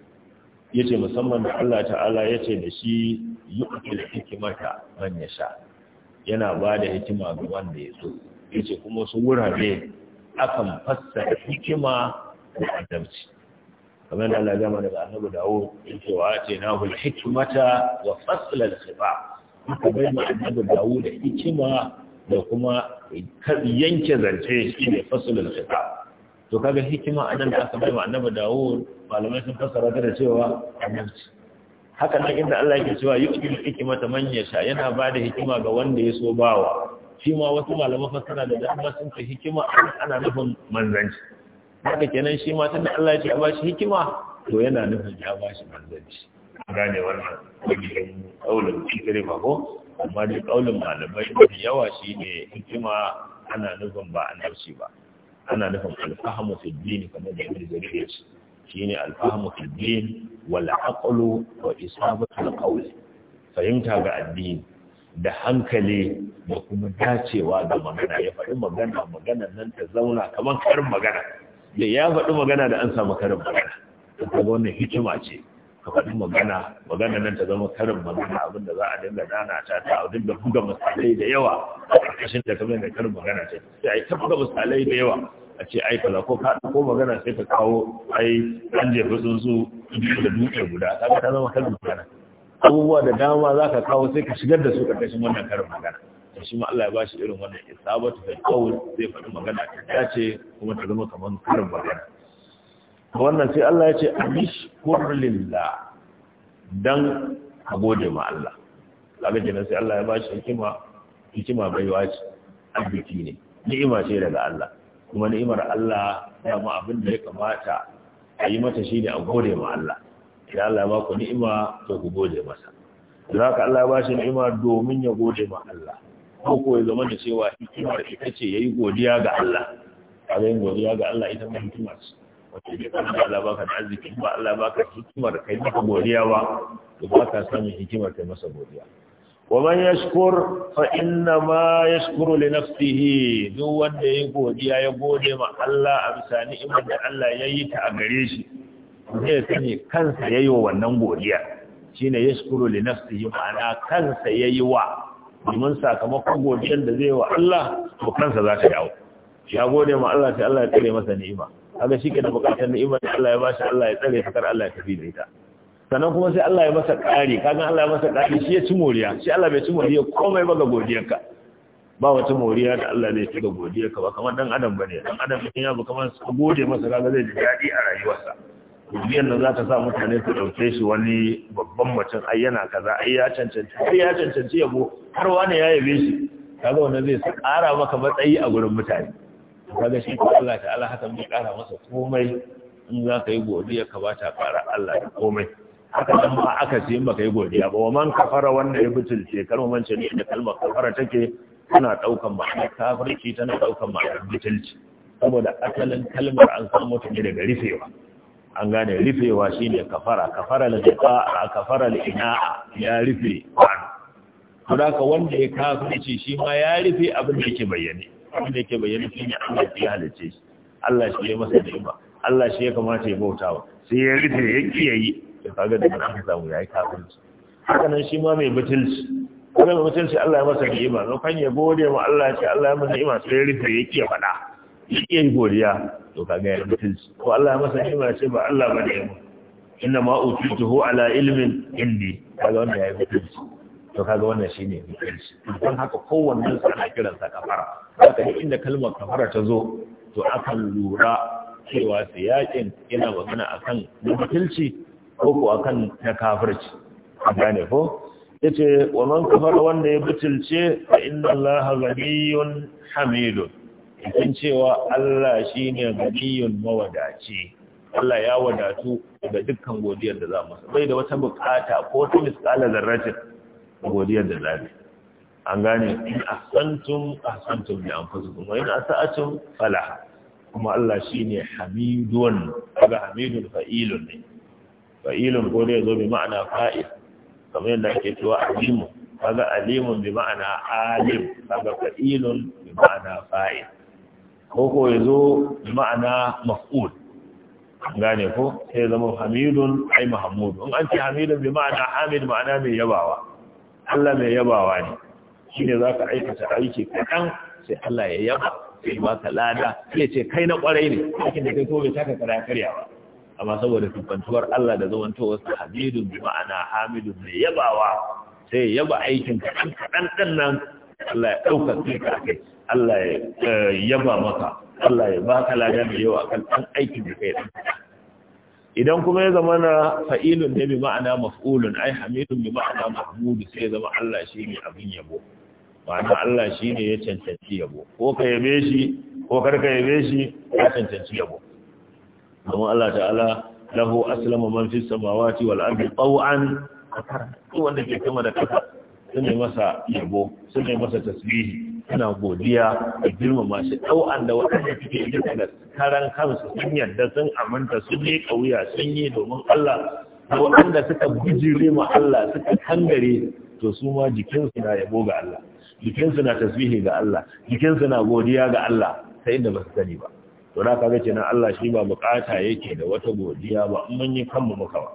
yace musamman da Allah ta'ala yace da shi yu'til hikimata man sha. yana ba da hikima ga wanda ya so yace kuma su wurare akan fassara hikima da adalci kamar da Allah gama daga annabi dawo yake wa ce na hul hikmata wa fasl al khitab muka bai ma annabi dawo da hikima da kuma yanke zance shi ne fasl al khitab to kaga hikima anan da aka bai ma annabi dawo malamai sun fassara ta da cewa annabci haka nan inda Allah yake cewa yu'til hikmata man yasha yana ba da hikima ga wanda ya so bawa shi ma wasu malaman fassara da dama sun ce hikima ana nufin manzanci haka kenan shi ma tunda Allah ya ce a bashi hikima to yana nufin ya bashi manzanci gane wannan wajen kaulin kitire ba ko amma da kaulin malamai da yawa shine hikima ana nufin ba annabci ba ana nufin alfahamu fi dini kamar da Ibn Jarir shi shi shine alfahamu fi din wal aqlu wa isabatu al qawl fahimta ga addini da hankali da kuma dacewa da magana ya faɗi magana magana nan ta zauna kamar karin magana da ya faɗi magana da an samu karin magana ga wannan hikima ce ka faɗi magana magana nan ta zama karin magana abinda za a dinga dana ta ta a dinga buga misalai da yawa a ƙarƙashin da kamar da karin magana ce sai a yi ta buga misalai da yawa a ce ai fala ko ka ko magana sai ka kawo ai an jefa tsuntsu da dutse guda ka ta zama karin magana abubuwa da dama za ka kawo sai ka shigar da su ƙarƙashin wannan karin magana to shi ma Allah ya bashi irin wannan isabatu da kawul zai faɗi magana ta dace kuma ta zama kaman karin magana wannan sai Allah ya ce amish kurlillah dan a gode ma Allah kaga kenan sai Allah ya bashi hikima hikima bai ce abiki ne ni'ima ce daga Allah kuma ni'imar Allah ya ma abin da ya kamata a yi mata shi ne a gode ma Allah idan Allah ya baku ni'ima to ku gode masa don haka Allah ya ba shi ni'ima domin ya gode ma Allah ko ya zama da cewa hikimar ita ce ya yi godiya ga Allah A zai godiya ga Allah ita mai hikima ce wata bai kan da Allah baka da arziki ba Allah baka hikimar kai maka godiya ba da ba ka samun hikimar kai masa godiya wa man shukur fa inna ma shukuru li nafsihi duk wanda yayi godiya ya gode ma Allah a bisa ni'imar da Allah ya yi ta a gare shi zai sani kansa yayi wa wannan godiya shine yashkuru li nafsihi ma'ana kansa yayi wa domin sakamakon godiyar da zai wa Allah to kansa za ta yawo ya gode ma Allah sai Allah ya tsare masa ni'ima kaga shi ke da bukatar ni'ima da Allah ya ba shi Allah ya tsare ta kar Allah ya tafi da ita sannan kuma sai Allah ya masa ƙari kaga Allah ya masa ƙari shi ya ci moriya shi Allah bai ci moriya komai ba ga godiyarka ba wata moriya da Allah zai ci ga godiyarka ba kamar dan adam bane dan adam in ya bu kamar gode masa kaga zai ji daɗi a rayuwarsa bibiyar da za ta sa mutane su ɗauke shi wani babban mutum ai yana kaza ai ya cancanci ai ya cancanci yabo har wani ya yabe shi kaga wannan zai sa ƙara maka matsayi a gurin mutane kaga shi ko Allah Allah hakan bai ƙara masa komai in za ka yi godiya ka ba ta Allah da komai haka dan ba aka ce in baka yi godiya ba wa man kafara wanda ya kar kalmar ce ne da kalmar kafara take tana ɗaukan ma'anar kafirci tana ɗaukan ma'anar butulci saboda asalin kalmar an samu ta daga rufewa an gane rufewa ne kafara kafara al a kafara al-ina'a ya rufe kwano to haka wanda ya kafirce shi ma ya rufe abin da yake bayyane abin da yake bayyane shine Allah ya halice shi Allah shi ya masa ni'ima Allah shi ya kamata ya bautawa sai ya rufe ya kiyaye to kaga da kan samu yayi kafirci haka nan shi ma mai butulci kuma mai butulci Allah ya masa ni'ima lokacin ya gode ma Allah ya ce Allah ya masa ni'ima sai ya rufe ya kiyaye fada ya kiyaye godiya to kaga ya mutunci ko Allah masa ni'ima ce ba Allah ba ne mu inna ma utituhu ala ilmin indi kaga wannan ya mutunci to kaga wannan shine mutunci don haka kowanne su ana kiran sa kafara haka ne inda kalmar kafara ta zo to akan lura cewa yakin yana magana akan mutunci ko ko akan na kafirci gane ko yace wa kafara wanda ya mutunce fa inna Allah ghaniyun hamidun kan cewa Allah shi ne ganiyun mawadaci Allah ya wadatu da dukkan godiyar da za masa bai da wata bukata ko ta miskala zarratin godiyar da za an gane in ahsantum ne an anfusikum wa in asa'atum falah kuma Allah shi ne hamidun kaga hamidun fa'ilun ne fa'ilun ko ne zo bi ma'ana fa'il kamar yadda ake cewa alimun kaga alimun bi ma'ana alim kaga fa'ilun bi ma'ana fa'il ko ko ya zo ma'ana maf'ul gane ko sai zama hamidun ai mahamud in an ce hamidun bi ma'ana hamid ma'ana mai yabawa Allah mai yabawa ne shi ne za ka aikata aiki kaɗan sai Allah ya yaba sai ba ka lada sai ce kai na kwarai ne aikin da kai ko bai taka kara karya ba amma saboda tukantuwar Allah da wasu, hamidun bi ma'ana hamidun mai yabawa sai yaba aikin kaɗan kaɗan ɗan nan Allah ya ɗaukar kai ka kai Allah ya eh, yaba maka Allah ya baka lada mai yawa akan ɗan aikin da kai idan kuma ya zama na fa'ilun ne bi ma'ana maf'ulun ai hamidun bi ma'ana mahmudu sai zama Allah shi ne abin yabo ma'ana Allah shi ne ya cancanci yabo ko ka yabe shi ko karka yabe shi ya cancanci yabo amma Allah ta'ala lahu aslama man fi samawati wal ardi taw'an wanda ke kama da kafa, sun yi masa yabo sun yi masa tasbihi kana godiya da girmama shi an da waɗanda suke yi da karan kansu sun yadda sun aminta sun yi ƙauya sun yi domin Allah da waɗanda suka bijire ma Allah suka kangare to su ma jikinsu na yabo ga Allah jikinsu na tasbihi ga Allah jikinsu na godiya ga Allah sai inda ba su sani ba to da kaga kenan Allah shi ba bukata yake da wata godiya ba in mun yi kanmu muka ba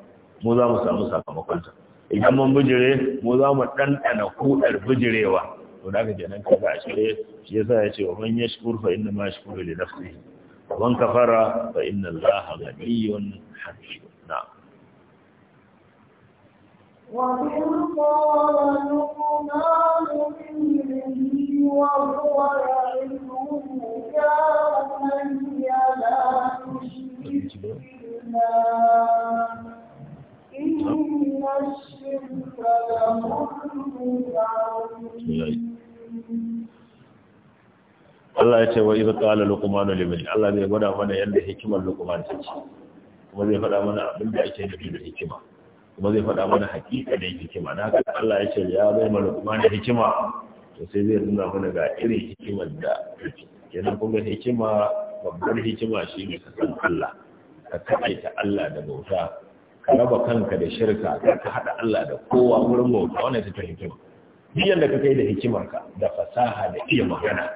mu za mu samu sakamakonta idan mun bijire mu za mu ɗanɗana kuɗar bijirewa هناك جنان كذا أشكيه يزايته ومن يشكر فإنما يشكر لنفسه ومن كفر فإن الله غني حميد نعم وَقَالُوا نُؤْمِنُ بِهِ وَهُوَ يَعْلَمُ مَا تُخْفُونَ إِنَّ الشِّرْكَ لَمُنْكَرٌ عَظِيمٌ Allah ya ce wa iza qala luqman liman Allah zai gwada mana yanda hikimar luqman ce kuma zai faɗa mana abin da ake nufi da hikima kuma zai faɗa mana hakika da hikima na haka Allah ya ce ya bai mana luqman hikima to sai zai nuna mana ga irin hikimar da kenan kuma hikima babbar hikima shi ne ka san Allah ka ta Allah da bauta ka raba kanka da shirka ka haɗa Allah da kowa wurin bauta wannan ta hikima biyan da ka kai da ka da fasaha da iya magana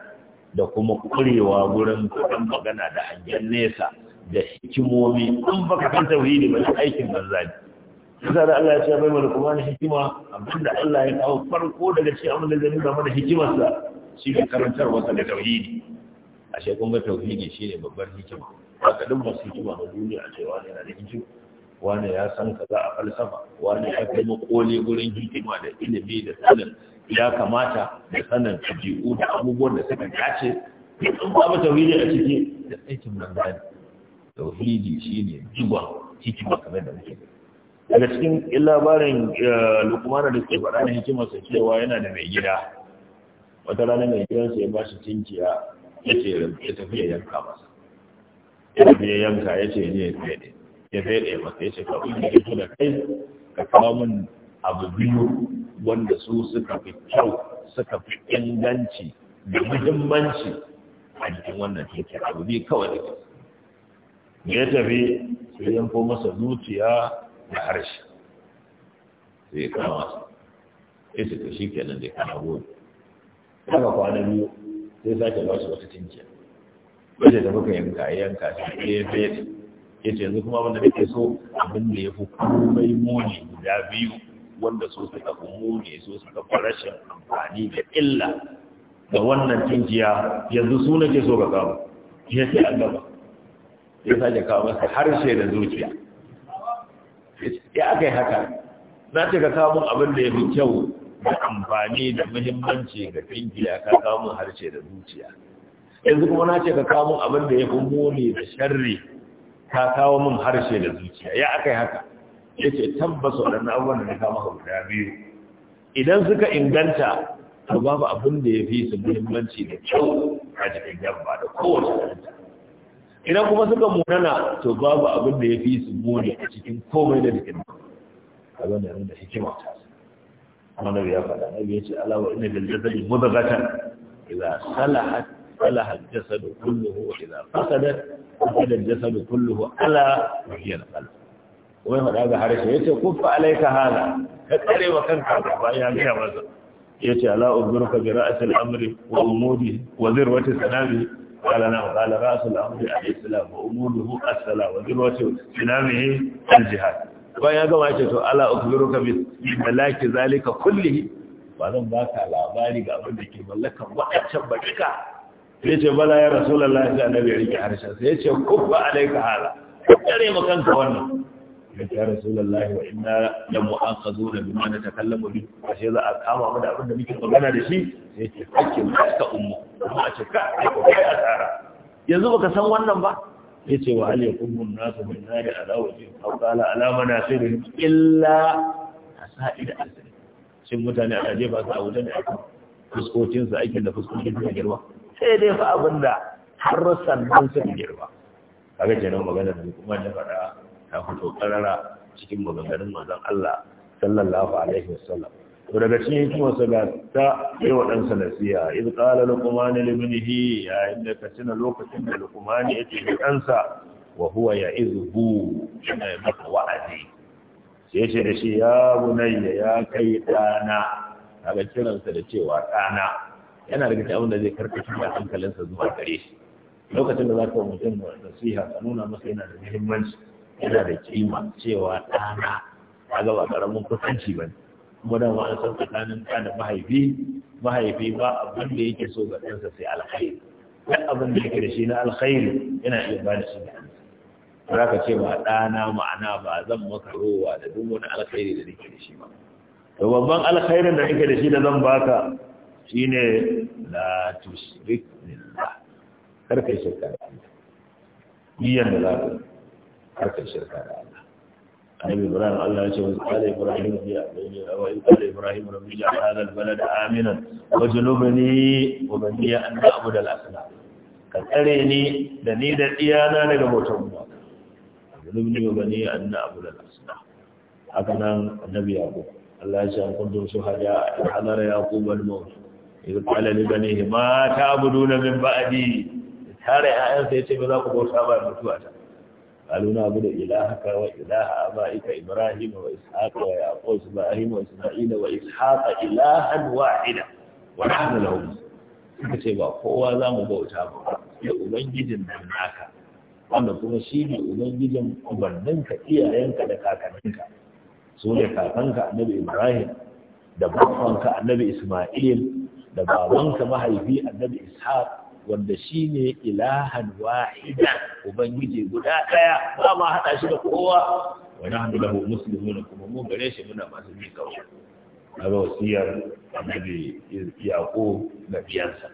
da kuma kurewa gurin kudin magana da hangen nesa da hikimomi in baka kan tauhidi ba na aikin banza kusa da Allah ya ce bai mana kuma hikima abinda Allah ya kawo farko daga cikin abin da zai nuna mana hikimarsa shi ne karantarwarsa da tauhidi ashe kun ga tauhidi shi ne babbar hikima ba ka duk masu hikima na duniya a cewa yana da hikima wani ya san kaza a falsafa wani ya kai makoli wurin hikima da ilimi da sanin ya kamata da sanin tabi'u da abubuwan da suka dace in babu tauhidi a ciki da aikin nan gani tauhidi ne jiwa cikin kamar da muke daga cikin labarin eh, lukumana da ke faɗa na hikimarsa cewa yana da mai gida wata rana mai gidansa sai ba shi tinkiya ya ce ya tafiya yanka masa ya tafiya yanka ya ce ne ya ya fede masa ya ce ka kuma fito da kai ka kawo min abu biyu wanda su suka fi kyau suka fi inganci da muhimmanci a jikin wannan teke abu biyu kawai da ya tafi sai yanko masa zuciya da harshe sai ya kama masa ya su ka shi kenan da ya kana gobe haka kwanan biyu sai sake ba shi wata cinciya wajen da muka yanka yanka sai ya fete yace yanzu kuma wanda nake so abin da ya fi komai muni guda biyu wanda so su ka muni so su ka rashin amfani da illa ga wannan tinjiya yanzu su nake so ka kawo ya ce an gaba ya sake kawo masa harshe da zuciya ya aka yi haka na ce ka kawo mun abin da ya fi kyau da amfani da muhimmanci ga tinjiya ka kawo mun harshe da zuciya yanzu kuma na ce ka kawo mun abin da ya fi muni da sharri Ta kawo min harshe da zuciya ya akai haka yace tabbas waɗannan abubuwan da ka maka guda biyu idan suka inganta to babu abin da ya fi su muhimmanci da kyau a cikin dabba da kowace halitta idan kuma suka munana to babu abin da ya fi su muni a cikin komai da jikin a zan da hikima ta annabi ya faɗa Na yace ce alawa da bil jasadi mudghatan salahat صلح الجسد كله وإذا فسدت فسد الجسد كله ألا وهي القلب ومن هذا حرش يتي كف عليك هذا كتري وكان حرش يا بها مثلا يتي ألا أخبرك برأس الأمر وغموده وذروة سلامه قال نعم قال رأس الأمر الإسلام وأموده السلام وذروة سلامه الجهاد ويا جماعة ألا أخبرك بملاك ذلك كله ba zan ba ka labari ga abin da ke mallakan waɗancan baƙiƙa Sai ce bala ya rasulallah sai annabi ya rike harshen sai ya ce kuffa alaika hala kare ma kanka wannan ya ce rasulallah wa inna la mu'aqaduna bima natakallamu bi ashe za a kama mu da abin da muke magana da shi sai ya ce hakkin ka ummu kuma a ce ka ai ko kai asara yanzu baka san wannan ba Sai ce wa hal yakumun nasu min nari ala wajhi aw qala ala manasirihim illa asa'id asri shin mutane a jefa su a wuta ne Fuskocin su aikin da fuskokin da girma sai dai fa abinda da har nan suka girma kaga kenan magana da kuma da fara ta fito karara cikin maganganun manzon Allah sallallahu alaihi wasallam to daga cikin kuma sa ga ta yi wa dan sanasiya iz qala luqman li ibnihi ya inda ka lokacin da luqman ya ce dan sa wa huwa ya'izuhu ina maka wa'azi sai ce da shi ya bunayya ya kai dana kaga kiransa da cewa dana yana daga cikin abin da zai karkace da hankalinsa zuwa gare shi lokacin da za ka mutum nasiha ka nuna masa yana da muhimmanci yana da kima cewa ɗana ga ba ƙaramin kusanci ba ne kuma da ma an san tsakanin ka da mahaifi mahaifi ba abin da yake so ga ɗansa sai alkhairi duk abin da yake da shi na alkhairi yana iya ba da shi ba. za ka ce ba ɗana ma'ana ba zan maka rowa da duk wani alkhairi da nake da shi ba to babban alkhairin da nake da shi da zan baka shine la tushrik billah kar kai shirka da Allah niyyar da za ka karfe kai shirka da Allah annabi Ibrahim Allah ya ce wa qala Ibrahim bi abdi in qala Ibrahim rabbi ja'al hadha al-balada aminan wajnubni wa bani an na'budu al-asnam ka tsare ni da ni da iyana daga bautar mu wajnubni wa bani an na'budu al-asnam haka nan annabi Yaqub Allah ya ce an kuntum shuhada hadara Yaqub al-maut idan kala ni bane ma ta abudu na min ba'adi tare ayan ya ce ba za ku bauta ba mutuwa ta qalu na abudu ilahaka wa ilaha abaika ibrahim wa ishaq wa yaqub wa ibrahim wa isma'il wa ishaq ilahan wahida wa nahnu lahum suka ce ba kowa za mu bauta ba ya ubangijin nan naka wanda kuma shi ne ubangijin ubanninka iyayenka da kakanninka su ne kakanka annabi ibrahim da babanka annabi isma'il da babanka mahaifi annabi ishaq wanda shine ilahan wahida ubangiji guda daya ba ma hada shi da kowa wa nahnu lahu muslimun kuma mu gare shi muna masu bi kawai kaga wasiyar annabi yaqub da biyansa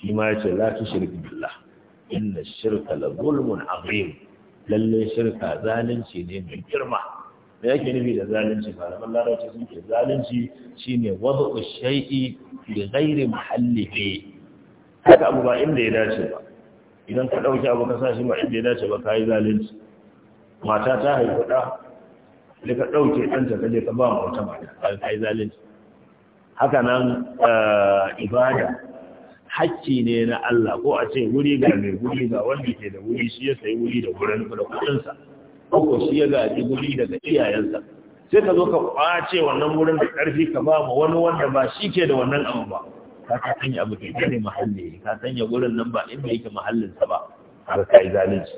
shi ma yace la tushrik billah inna shirka la zulmun azim lalle shirka zalunci ne mai girma da yake nufi da zalunci malaman larabci sun ke zalunci shine wad'u da zaire ghairi ne. haka abu ba inda ya dace ba idan ka ɗauki abu ka sashi ba inda ya dace ba ka yi zalunci mata ta haihu da da ka ɗanta danta je ka ba wata mata yi zalunci haka nan eh, ibada hakki ne na Allah ko a ce wuri ga mai wuri ga wanda ke da wuri shi ya sayi wuri da wurin da kudinsa ko shi ya gaji guri daga iyayensa sai ka zo ka kwace wannan wurin da ƙarfi ka ba mu wani wanda ba shi ke da wannan abu ba ka ka sanya abu kai tare mahalli ka sanya gurin nan ba inda yake sa ba har ka yi zalunci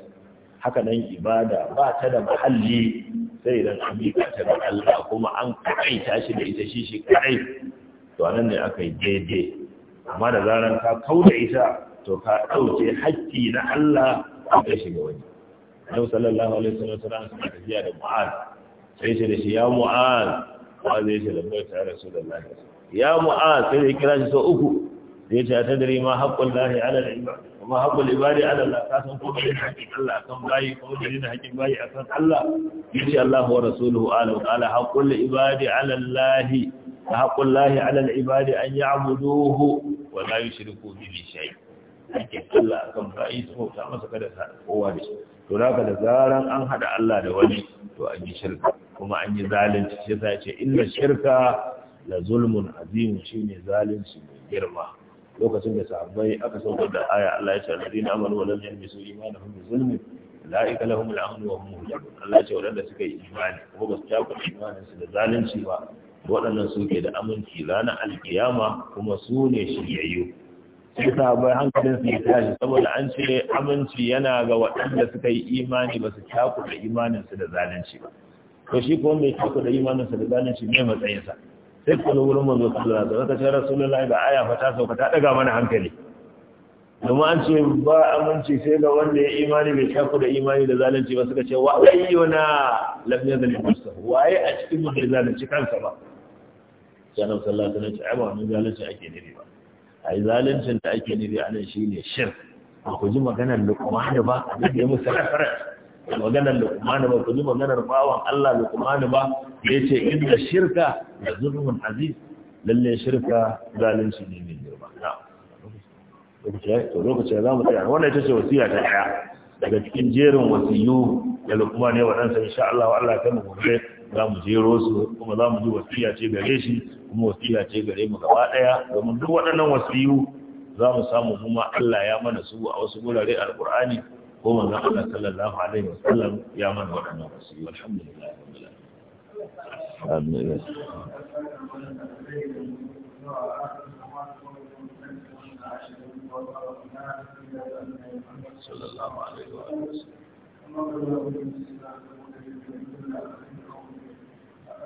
haka nan ibada ba ta da mahalli sai idan an miƙa ta da Allah kuma an ta shi da ita shi shi kai to anan ne aka yi daidai amma da zaran ka kauda ita to ka ɗauke hakki na Allah a kai shi ga wani annabi sallallahu alaihi wasallam suna tafiya da mu'az sai ce da shi ya mu'az ba zai ce da bai tare su da lahi ya mu'az sai ya kira shi so uku sai ce ta dare ma haƙƙun lahi ala al-ibad kuma haqqul ibadi ala Allah ka san ko da hakkin Allah a kan bayi ko da hakkin bayi akan Allah Ya ce Allah wa rasuluhu ala qala haqqul ibadi ala Allah haƙƙun lahi ala al-ibadi an ya'buduhu wa la yushriku bihi shay'a hakkin Allah a kan bayi ko ta masa kada sa kowa da shi to haka da zaran an hada Allah da wani to an yi shirka kuma an yi zalunci sai ta ce inna shirka la zulmun azim shine zalunci mai girma lokacin da sahabbai aka saukar da aya Allah ya ce alladheena amanu wa lam yalbisu imanahum bi zulmin la'ika lahum al'amru wa hum muhtadun Allah ce wadanda suka yi imani kuma ba su jaku imanin su da zalunci ba waɗannan su ke da aminci ranar alkiyama kuma su ne shiryayyu yasa bai hankalin su ya tashi saboda an ce aminci yana ga waɗanda suka yi imani ba su da imanin su da zalunci ba to shi ko mai taku da imanin su da zalunci ne matsayin sa sai ku zo wurin manzo sallallahu alaihi wasallam ka ce rasulullahi ga aya fa ta sauka ta daga mana hankali domin an ce ba aminci sai ga wanda ya imani bai taku da imani da zalunci ba suka ce wa ayyuna lam yazal nafsa waye a cikin mu da zalunci kansa ba sai sallallahu alaihi wasallam ya ce ai ba mun zalunci ake nufi ba a yi da ake nufi a nan shi ne shir ba ku ji maganar lukumani ba a duk da musu reference maganar lukumani ba ku ji maganar bawan Allah lukumani ba da ya ce inda shirka da zulmun aziz lalle shirka zalunci ne mai girma to lokacin za mu tsaya wannan ita ce wasiya ta daya daga cikin jerin wasiyu da lukumani waɗansa insha Allah Allah ya mu za mu jero su kuma za mu ji wasiya ce gare shi kuma wasiya ce gare mu gaba ɗaya domin duk waɗannan wasiyu za mu samu kuma Allah ya mana su a wasu gurare alƙur'ani ko manzo Allah sallallahu alaihi wasallam ya mana waɗannan wasiyu alhamdulillah amin sallallahu alaihi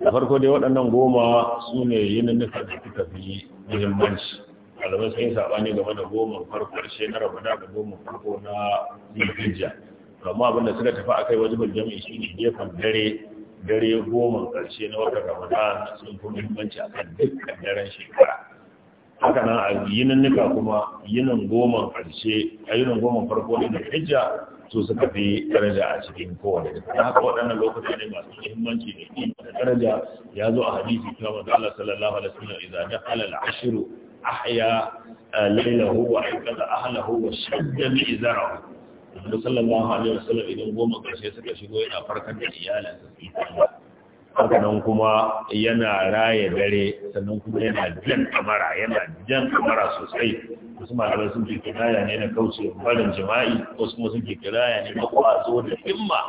da farko dai waɗannan goma su ne yininnukan da suka fi muhimmanci malamai sun yi saɓani game da goma farko ƙarshe na rabada da goma farko na zulhijja amma abinda da suka tafi a kai wajen jami'i shi ne gefen dare dare goma ƙarshe na watan ramadan sun fi muhimmanci akan dukkan daren shekara haka nan a yininnuka kuma yinin goma ƙarshe a yinin goma farko na zulhijja su suka fi daraja a cikin kowane da ta haka waɗannan lokacin ne masu muhimmanci da ƙi da daraja ya zo a hadisi ta wanda Allah sallallahu alaihi wasallam idan da halal ashru ahya lailahu wa aikata ahlahu wa shadda mizarahu sallallahu alaihi wasallam idan goma karshe suka shigo yana farkar da iyalansa sannan kuma yana raye dare sannan kuma yana jan kamara yana jan kamara sosai wasu malamai sun ke kiraya ne na kauce barin jima'i wasu kuma sun ke kiraya ne na kwazo da himma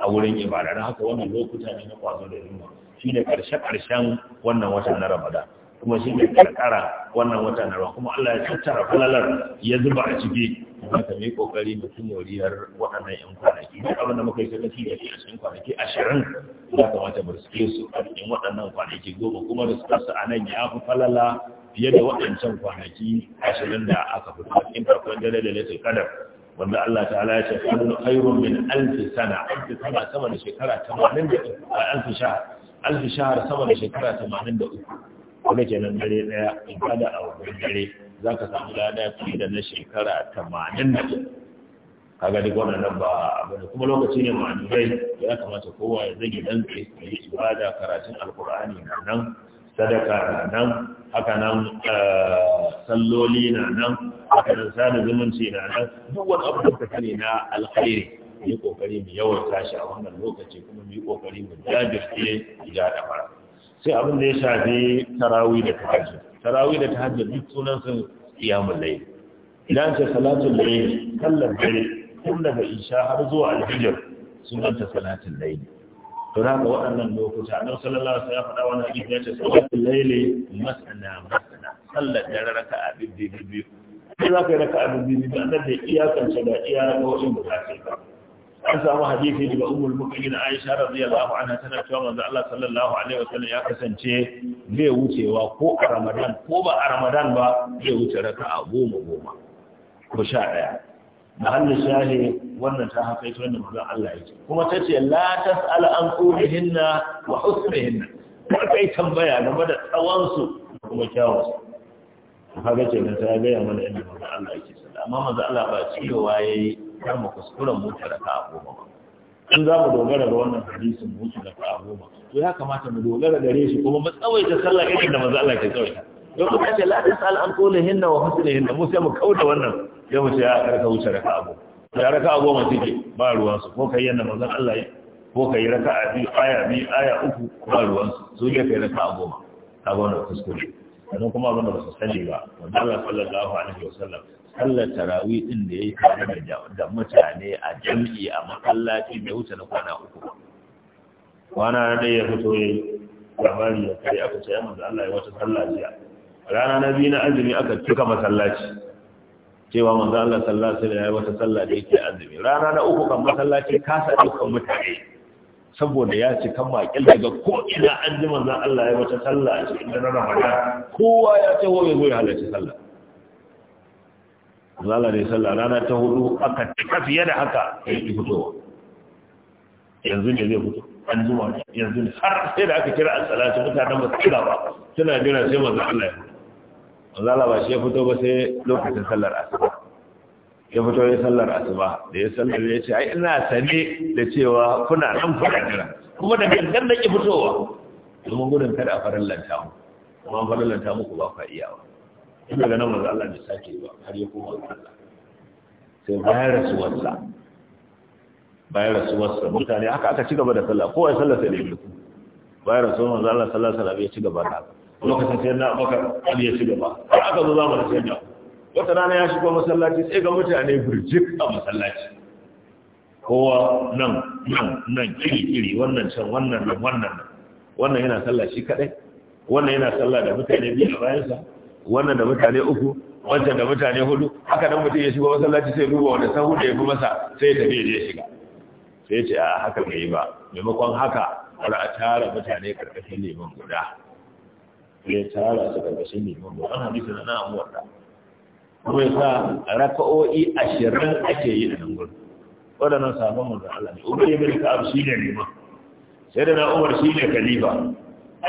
a wurin ibada Na haka wannan lokuta ne na kwazo da himma shine karshe karshen wannan watan na ramadan kuma shi ne karkara wannan wata na ruwa kuma Allah ya tattara falalar ya zuba a ciki kuma ka mai kokari da cin waɗannan yan kwanaki duk abin da muka yi sakaci da ke a cikin kwanaki ashirin ya kamata mu riske su a cikin waɗannan kwanaki goma kuma riskar su a nan ya fi falala fiye da waɗancan kwanaki ashirin da aka fi kuma in farkon dare da latin kadar wanda Allah ta'ala ya ce khairun min alf sana alf sana sama da shekara 80 da uku shahar alf shahar sama da shekara 83 kuma kenan dare daya in kada a wajen dare za ka samu lada da na shekara tamanin da kaga duk wannan ba abu kuma lokaci ne dai ya kamata kowa ya zage dan tsaye ya yi ibada karatun alkur'ani na nan sadaka na nan haka nan eh, salloli na nan haka nan sada zumunci na nan duk wani abu da ka ne na alkhairi mu yi kokari mu yawan tashi a wannan lokaci kuma mu yi kokari mu jajirce ya da fara sai abin da ya shafi tarawi da tahajjud tarawi da tahajjud duk sunan sun qiyamul layl idan ce salatul layl kallan dare tun daga isha har zuwa alfijir sunan ta salatul layl to da ga waɗannan lokuta annabi sallallahu alaihi wasallam ya faɗa wannan hadisi ya ce salatul layl masana masana sallar dare raka'a bibbi bibbi sai zaka ka yi raka'a bibbi bibbi annabi ya iyakance da iya raka'a guda sai an samu hadisi daga ummul mu'minin Aisha radiyallahu anha tana cewa manzo Allah sallallahu alaihi wasallam ya kasance zai wucewa ko a Ramadan ko ba a Ramadan ba zai wuce raka'a goma goma ko sha daya da hannu shahi wannan ta haka ita wanda manzo Allah ya ce kuma ta ce la tas'al an qurihinna wa husnihinna kar kai tambaya game da tsawon su kuma kyawun su kaga ce ta ga ya mana inda manzo Allah yake sallah amma manzo Allah ba cewa yayi kar mu kuskura mu wuce raka a goma ba in za mu dogara ga wannan hadisin mu wuce raka a goma to ya kamata mu dogara gare shi kuma mu tsawaita sallah irin da manzo Allah ke tsawaita don ku kace la tasal an qulu hinna wa husna hinna mu sai mu kauda wannan sai mu ce ya karka wuce raka a goma ya raka a goma take ba ruwan su ko kai yanda manzo Allah ya ko kai raka a biyu aya biyu aya uku ba ruwan su so ya kai raka a goma ka ga wannan kuskure kasan kuma abin da ba su sani ba wanda Allah sallallahu alaihi wasallam sallar tarawih din da yayi tare da mutane a jami'i a masallaci mai wuce na kwana uku kwana na ɗaya ya fito ya labari ya kai aka ce yamma da Allah ya wata sallaci jiya rana na biyu na azumi aka cika masallaci cewa manzo Allah sallallahu alaihi wasallam ya wata sallar da yake azumi rana na uku kan masallaci kasa dukkan mutane saboda ya ci kan makil daga ko ina an ji manzan Allah ya wata sallah a cikin da rana Ramadan kowa ya ce wa ya halarci sallah Allah ne sallah rana ta hudu aka tafiya fiye da haka ya yi fitowa yanzu ne zai fito an jima yanzu ne har sai da aka kira a salatu mutanen ba su kira ba suna jira sai manzan Allah ya fito manzan Allah ba shi ya fito ba sai lokacin sallar asuba ya fito ya sallar asuba da ya sallar ya ce ai ina sane da cewa kuna nan kuna jira kuma da gangan da ki fitowa domin gudun kada a farin lanta mu kuma farin lanta muku ba ku iyawa in daga nan manzo Allah bai sake ba har ya koma ga Allah sai bayan rasuwarsa bayan rasuwarsa mutane haka aka ci gaba da sallah kowa ya sallar sai da yake bayan rasuwar manzo Allah sallallahu alaihi wasallam ya ci gaba da haka lokacin sai na Abubakar Ali ya ci gaba har aka zo zamanin sai na wata rana ya shigo masallaci sai ga mutane birjik a masallaci kowa nan nan nan kiri-kiri wannan can wannan nan wannan nan wannan yana sallah shi kadai wannan yana sallah da mutane biyu a bayansa wannan da mutane uku wancan da mutane hudu haka nan mutum ya shigo masallaci sai duba wanda sahu da ya fi masa sai ya tafi ya shiga sai ce a ah, haka ka yi ba maimakon haka wani a tara mutane karkashin neman guda ya tara su karkashin neman guda an hadisi na na'amuwar da ko ya sa raka'o'i ashirin ake yi a nan gudu waɗannan sabon manzan Allah ne umar ibn ka'ab shi ne nema sai da na umar shi ne kalifa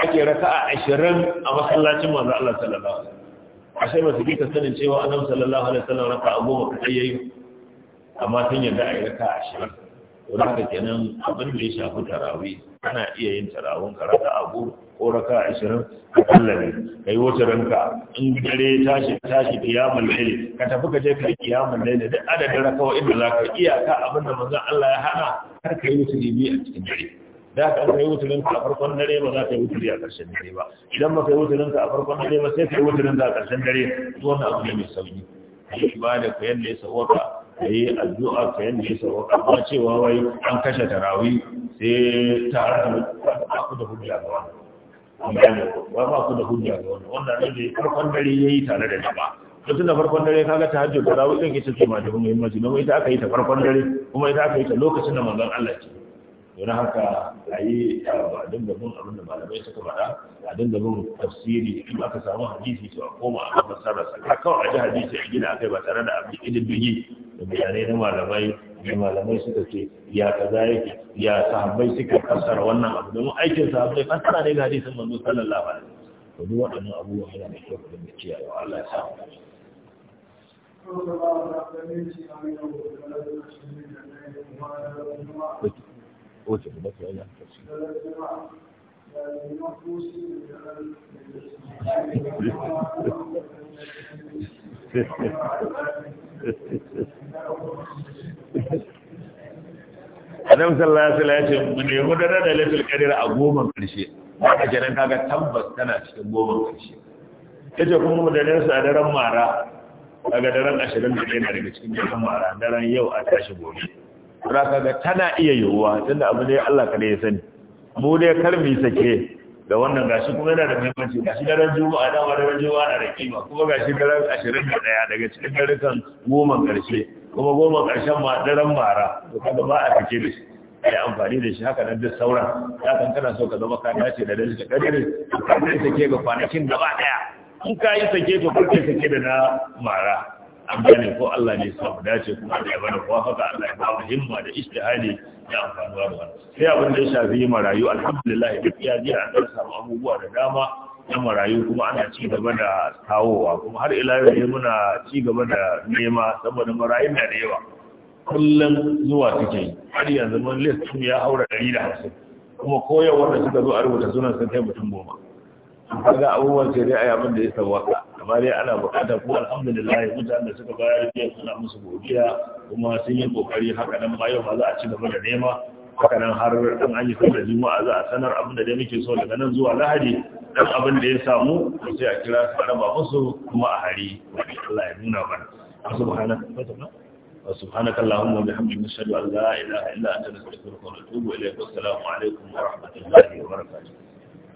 ake raka'a ashirin a masallacin manzan Allah sallallahu alaihi wasallam ashe ba su bi ka sanin cewa annabi sallallahu alaihi wasallam raka'a goma kadai yayi amma sun yarda a yi raka'a ashirin to da haka kenan abin da ya shafi tarawi ana iya yin tarawun ka abu ko raka ashirin a kallare ka yi wata ranka in dare tashi tashi kiyamun laili ka tafi ka je ka yi kiyamun laili duk adadin wa inda za ka iyaka abin da manzon Allah ya hana har ka yi wuturi biyu a cikin dare da ka an kai wutulin ka a farkon dare ba za ka yi wutuli a ƙarshen dare ba idan ba ka yi wutulin ka a farkon dare ba sai ka yi wutulin ka a ƙarshen dare wannan abu ne mai sauki ka yi ibada ka yadda ya sawaka ka yi addu'a ka yadda ya sauwa amma cewa wai an kashe tarawi sai tare da ba ku da hujja ga wani amma ne ba ba ku da hujja ga wani wannan ne da farkon dare ya yi tare da jama'a to da farkon dare kaga ta hajjo tarawi din ita ce ma da muhimmanci don ita aka yi ta farkon dare kuma ita aka yi ta lokacin da manzon Allah ce don haka a yi a dinga bin abin da malamai suka faɗa a dinga bin tafsiri in aka samu hadisi to a koma a kafa sarrasa a kawai a ji hadisi a gina akai ba tare da abin biyi da bayanai na malamai da malamai suka ce ya kaza yake ya sahabbai suka fassara wannan abu domin aikin sahabbai fassara ne ga hadisin manzo sallallahu alaihi wasallam to duk waɗannan abubuwa yana da kyau da kiyaye wa Allah ya sa mu wace da mafi yana kashi Adam sallallahu alaihi wasallam ya ce mu nemi da da lafil kadir a goma karshe haka kenan kaga tabbas tana cikin goma karshe yace kuma mu daren sa daren mara daga daren 21 na daga cikin daren mara daren yau a tashi gobe raka ga tana iya yiwuwa tunda abu ne Allah ka ya sani mu dai kar mu sake da wannan gashi kuma yana da muhimmanci gashi da ran juma'a da ran juma'a na da kima kuma gashi da ran 21 daga cikin garukan goma karshe kuma goma karshen ma ran mara to kaga ba a fice da shi ai amfani da shi haka nan duk sauran ya san kana so ka zama ka dace da dalilin da dare ka sake ga kwanakin gaba daya in ka yi sake to kuke sake da na mara an gane ko Allah ne sa mu dace kuma da ya bada haka Allah ya ba mu himma da ijtihadi da amfanuwa da wannan sai abin da ya shafi marayu alhamdulillah duk ya ji an samu abubuwa da dama na marayu kuma ana ci gaba da kawowa kuma har ila yau muna ci gaba da nema saboda marayu da da yawa kullum zuwa suke yi har yanzu mun list ya haura 150 kuma koyarwar da suka zo a rubuta sunan sun kai mutum goma kaga abubuwan sai dai ayi abin da ya sawaka amma dai ana bukata kuma alhamdulillah mutanen da suka bayar jiya suna musu godiya kuma sun yi kokari haka nan ma yau ma za a ci gaba da nema haka nan har an an yi sallar juma'a za a sanar abin da dai muke so daga nan zuwa lahadi dan abin da ya samu ko sai a kira su raba musu kuma a hari Allah ya nuna mana subhanaka subhanaka allahumma سبحانك اللهم وبحمدك نشهد ان لا اله الا انت نستغفرك ونتوب assalamu والسلام wa rahmatullahi wa barakatuh